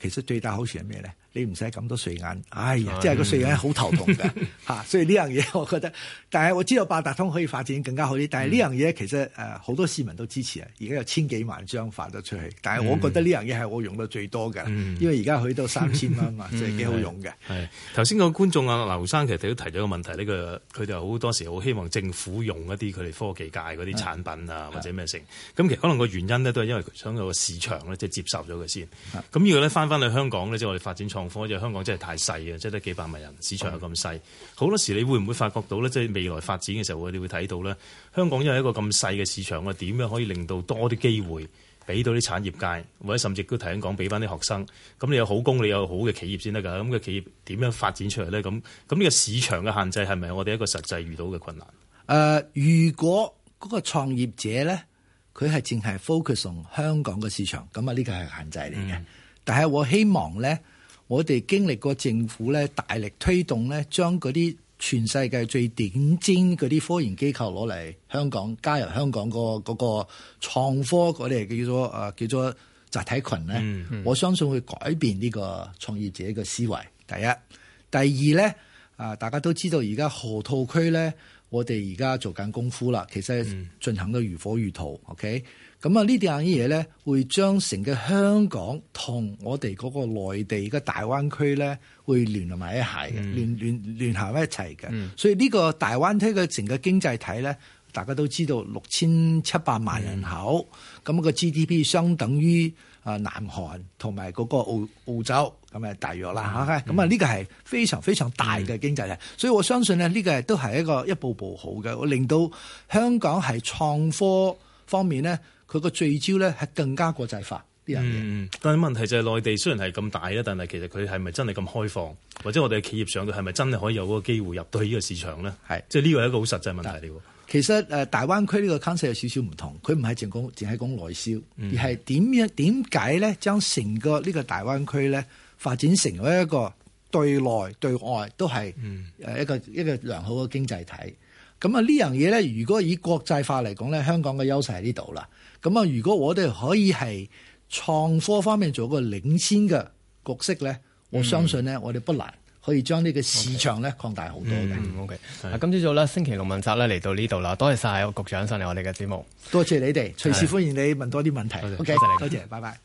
其實最大好處係咩咧？你唔使咁多碎銀，哎呀，即係個碎銀好頭痛㗎 所以呢樣嘢，我覺得，但係我知道八達通可以發展更加好啲。但係呢樣嘢其實好多市民都支持啊，而家有千幾萬張發咗出去。但係我覺得呢樣嘢係我用得最多嘅， 因為而家去到三千蚊嘛，即係幾好用嘅。係頭先個觀眾啊，劉生其實都提咗個問題，呢個佢哋好多時好希望政府用一啲佢哋科技界嗰啲產品啊，的或者咩成咁。的其實可能個原因呢，都係因為佢想有個市場咧，即係接受咗佢先。咁如果呢翻翻去香港呢，即係我哋發展創。香港真係太細啊，即係得幾百萬人市場又咁細，好、嗯、多時你會唔會發覺到咧？即係未來發展嘅時候，我哋會睇到咧。香港因為一個咁細嘅市場啊，點樣可以令到多啲機會俾到啲產業界，或者甚至都提先頭先講俾翻啲學生咁。你有好工，你有好嘅企業先得噶。咁、那、嘅、個、企業點樣發展出嚟咧？咁咁呢個市場嘅限制係咪我哋一個實際遇到嘅困難誒、呃？如果嗰個創業者咧，佢係淨係 focus on 香港嘅市場，咁啊呢個係限制嚟嘅。嗯、但係我希望咧。我哋經歷過政府咧大力推動咧，將嗰啲全世界最頂尖嗰啲科研機構攞嚟香港，加入香港個嗰、個創科嗰啲、嗰個、叫做、啊、叫做集體群咧。嗯嗯、我相信會改變呢個創業者嘅思維。第一，第二咧啊，大家都知道而家河套區咧，我哋而家做緊功夫啦，其實進行得如火如荼、嗯、，OK。咁啊，呢啲樣嘢咧，會將成個香港同我哋嗰個內地嘅大灣區咧，會聯埋一系嘅，聯聯聯一齊嘅。所以呢個大灣區嘅成個經濟體咧，大家都知道六千七百萬人口，咁、嗯、個 GDP 相等於啊南韓同埋嗰個澳澳洲咁嘅大約啦嚇。咁啊，呢、嗯、個係非常非常大嘅經濟嘅，嗯、所以我相信咧，呢個都係一個一步步好嘅，令到香港係創科方面咧。佢個聚焦咧係更加國際化呢樣嘢、嗯，但係問題就係內地雖然係咁大咧，但係其實佢係咪真係咁開放，或者我哋企業上佢係咪真係可以有嗰個機會入到去呢個市場咧？係即係呢個係一個好實際問題嚟喎。其實誒、呃，大灣區呢個 concept 有少少唔同，佢唔係淨講淨係講內銷，而係點樣點解咧，將成個呢個大灣區咧發展成為一個對內對外都係一個、嗯、一個一個良好嘅經濟體。咁啊，呢樣嘢咧，如果以國際化嚟講咧，香港嘅優勢喺呢度啦。咁啊！如果我哋可以係創科方面做個領先嘅角色咧，我、嗯、相信咧，我哋不難可以將呢個市場咧擴大好多嘅。O K，啊，今朝早咧，星期六問責咧嚟到呢度啦，多謝晒局長上嚟我哋嘅節目，多謝你哋，隨時歡迎你問多啲問題。OK，多,多謝，拜拜。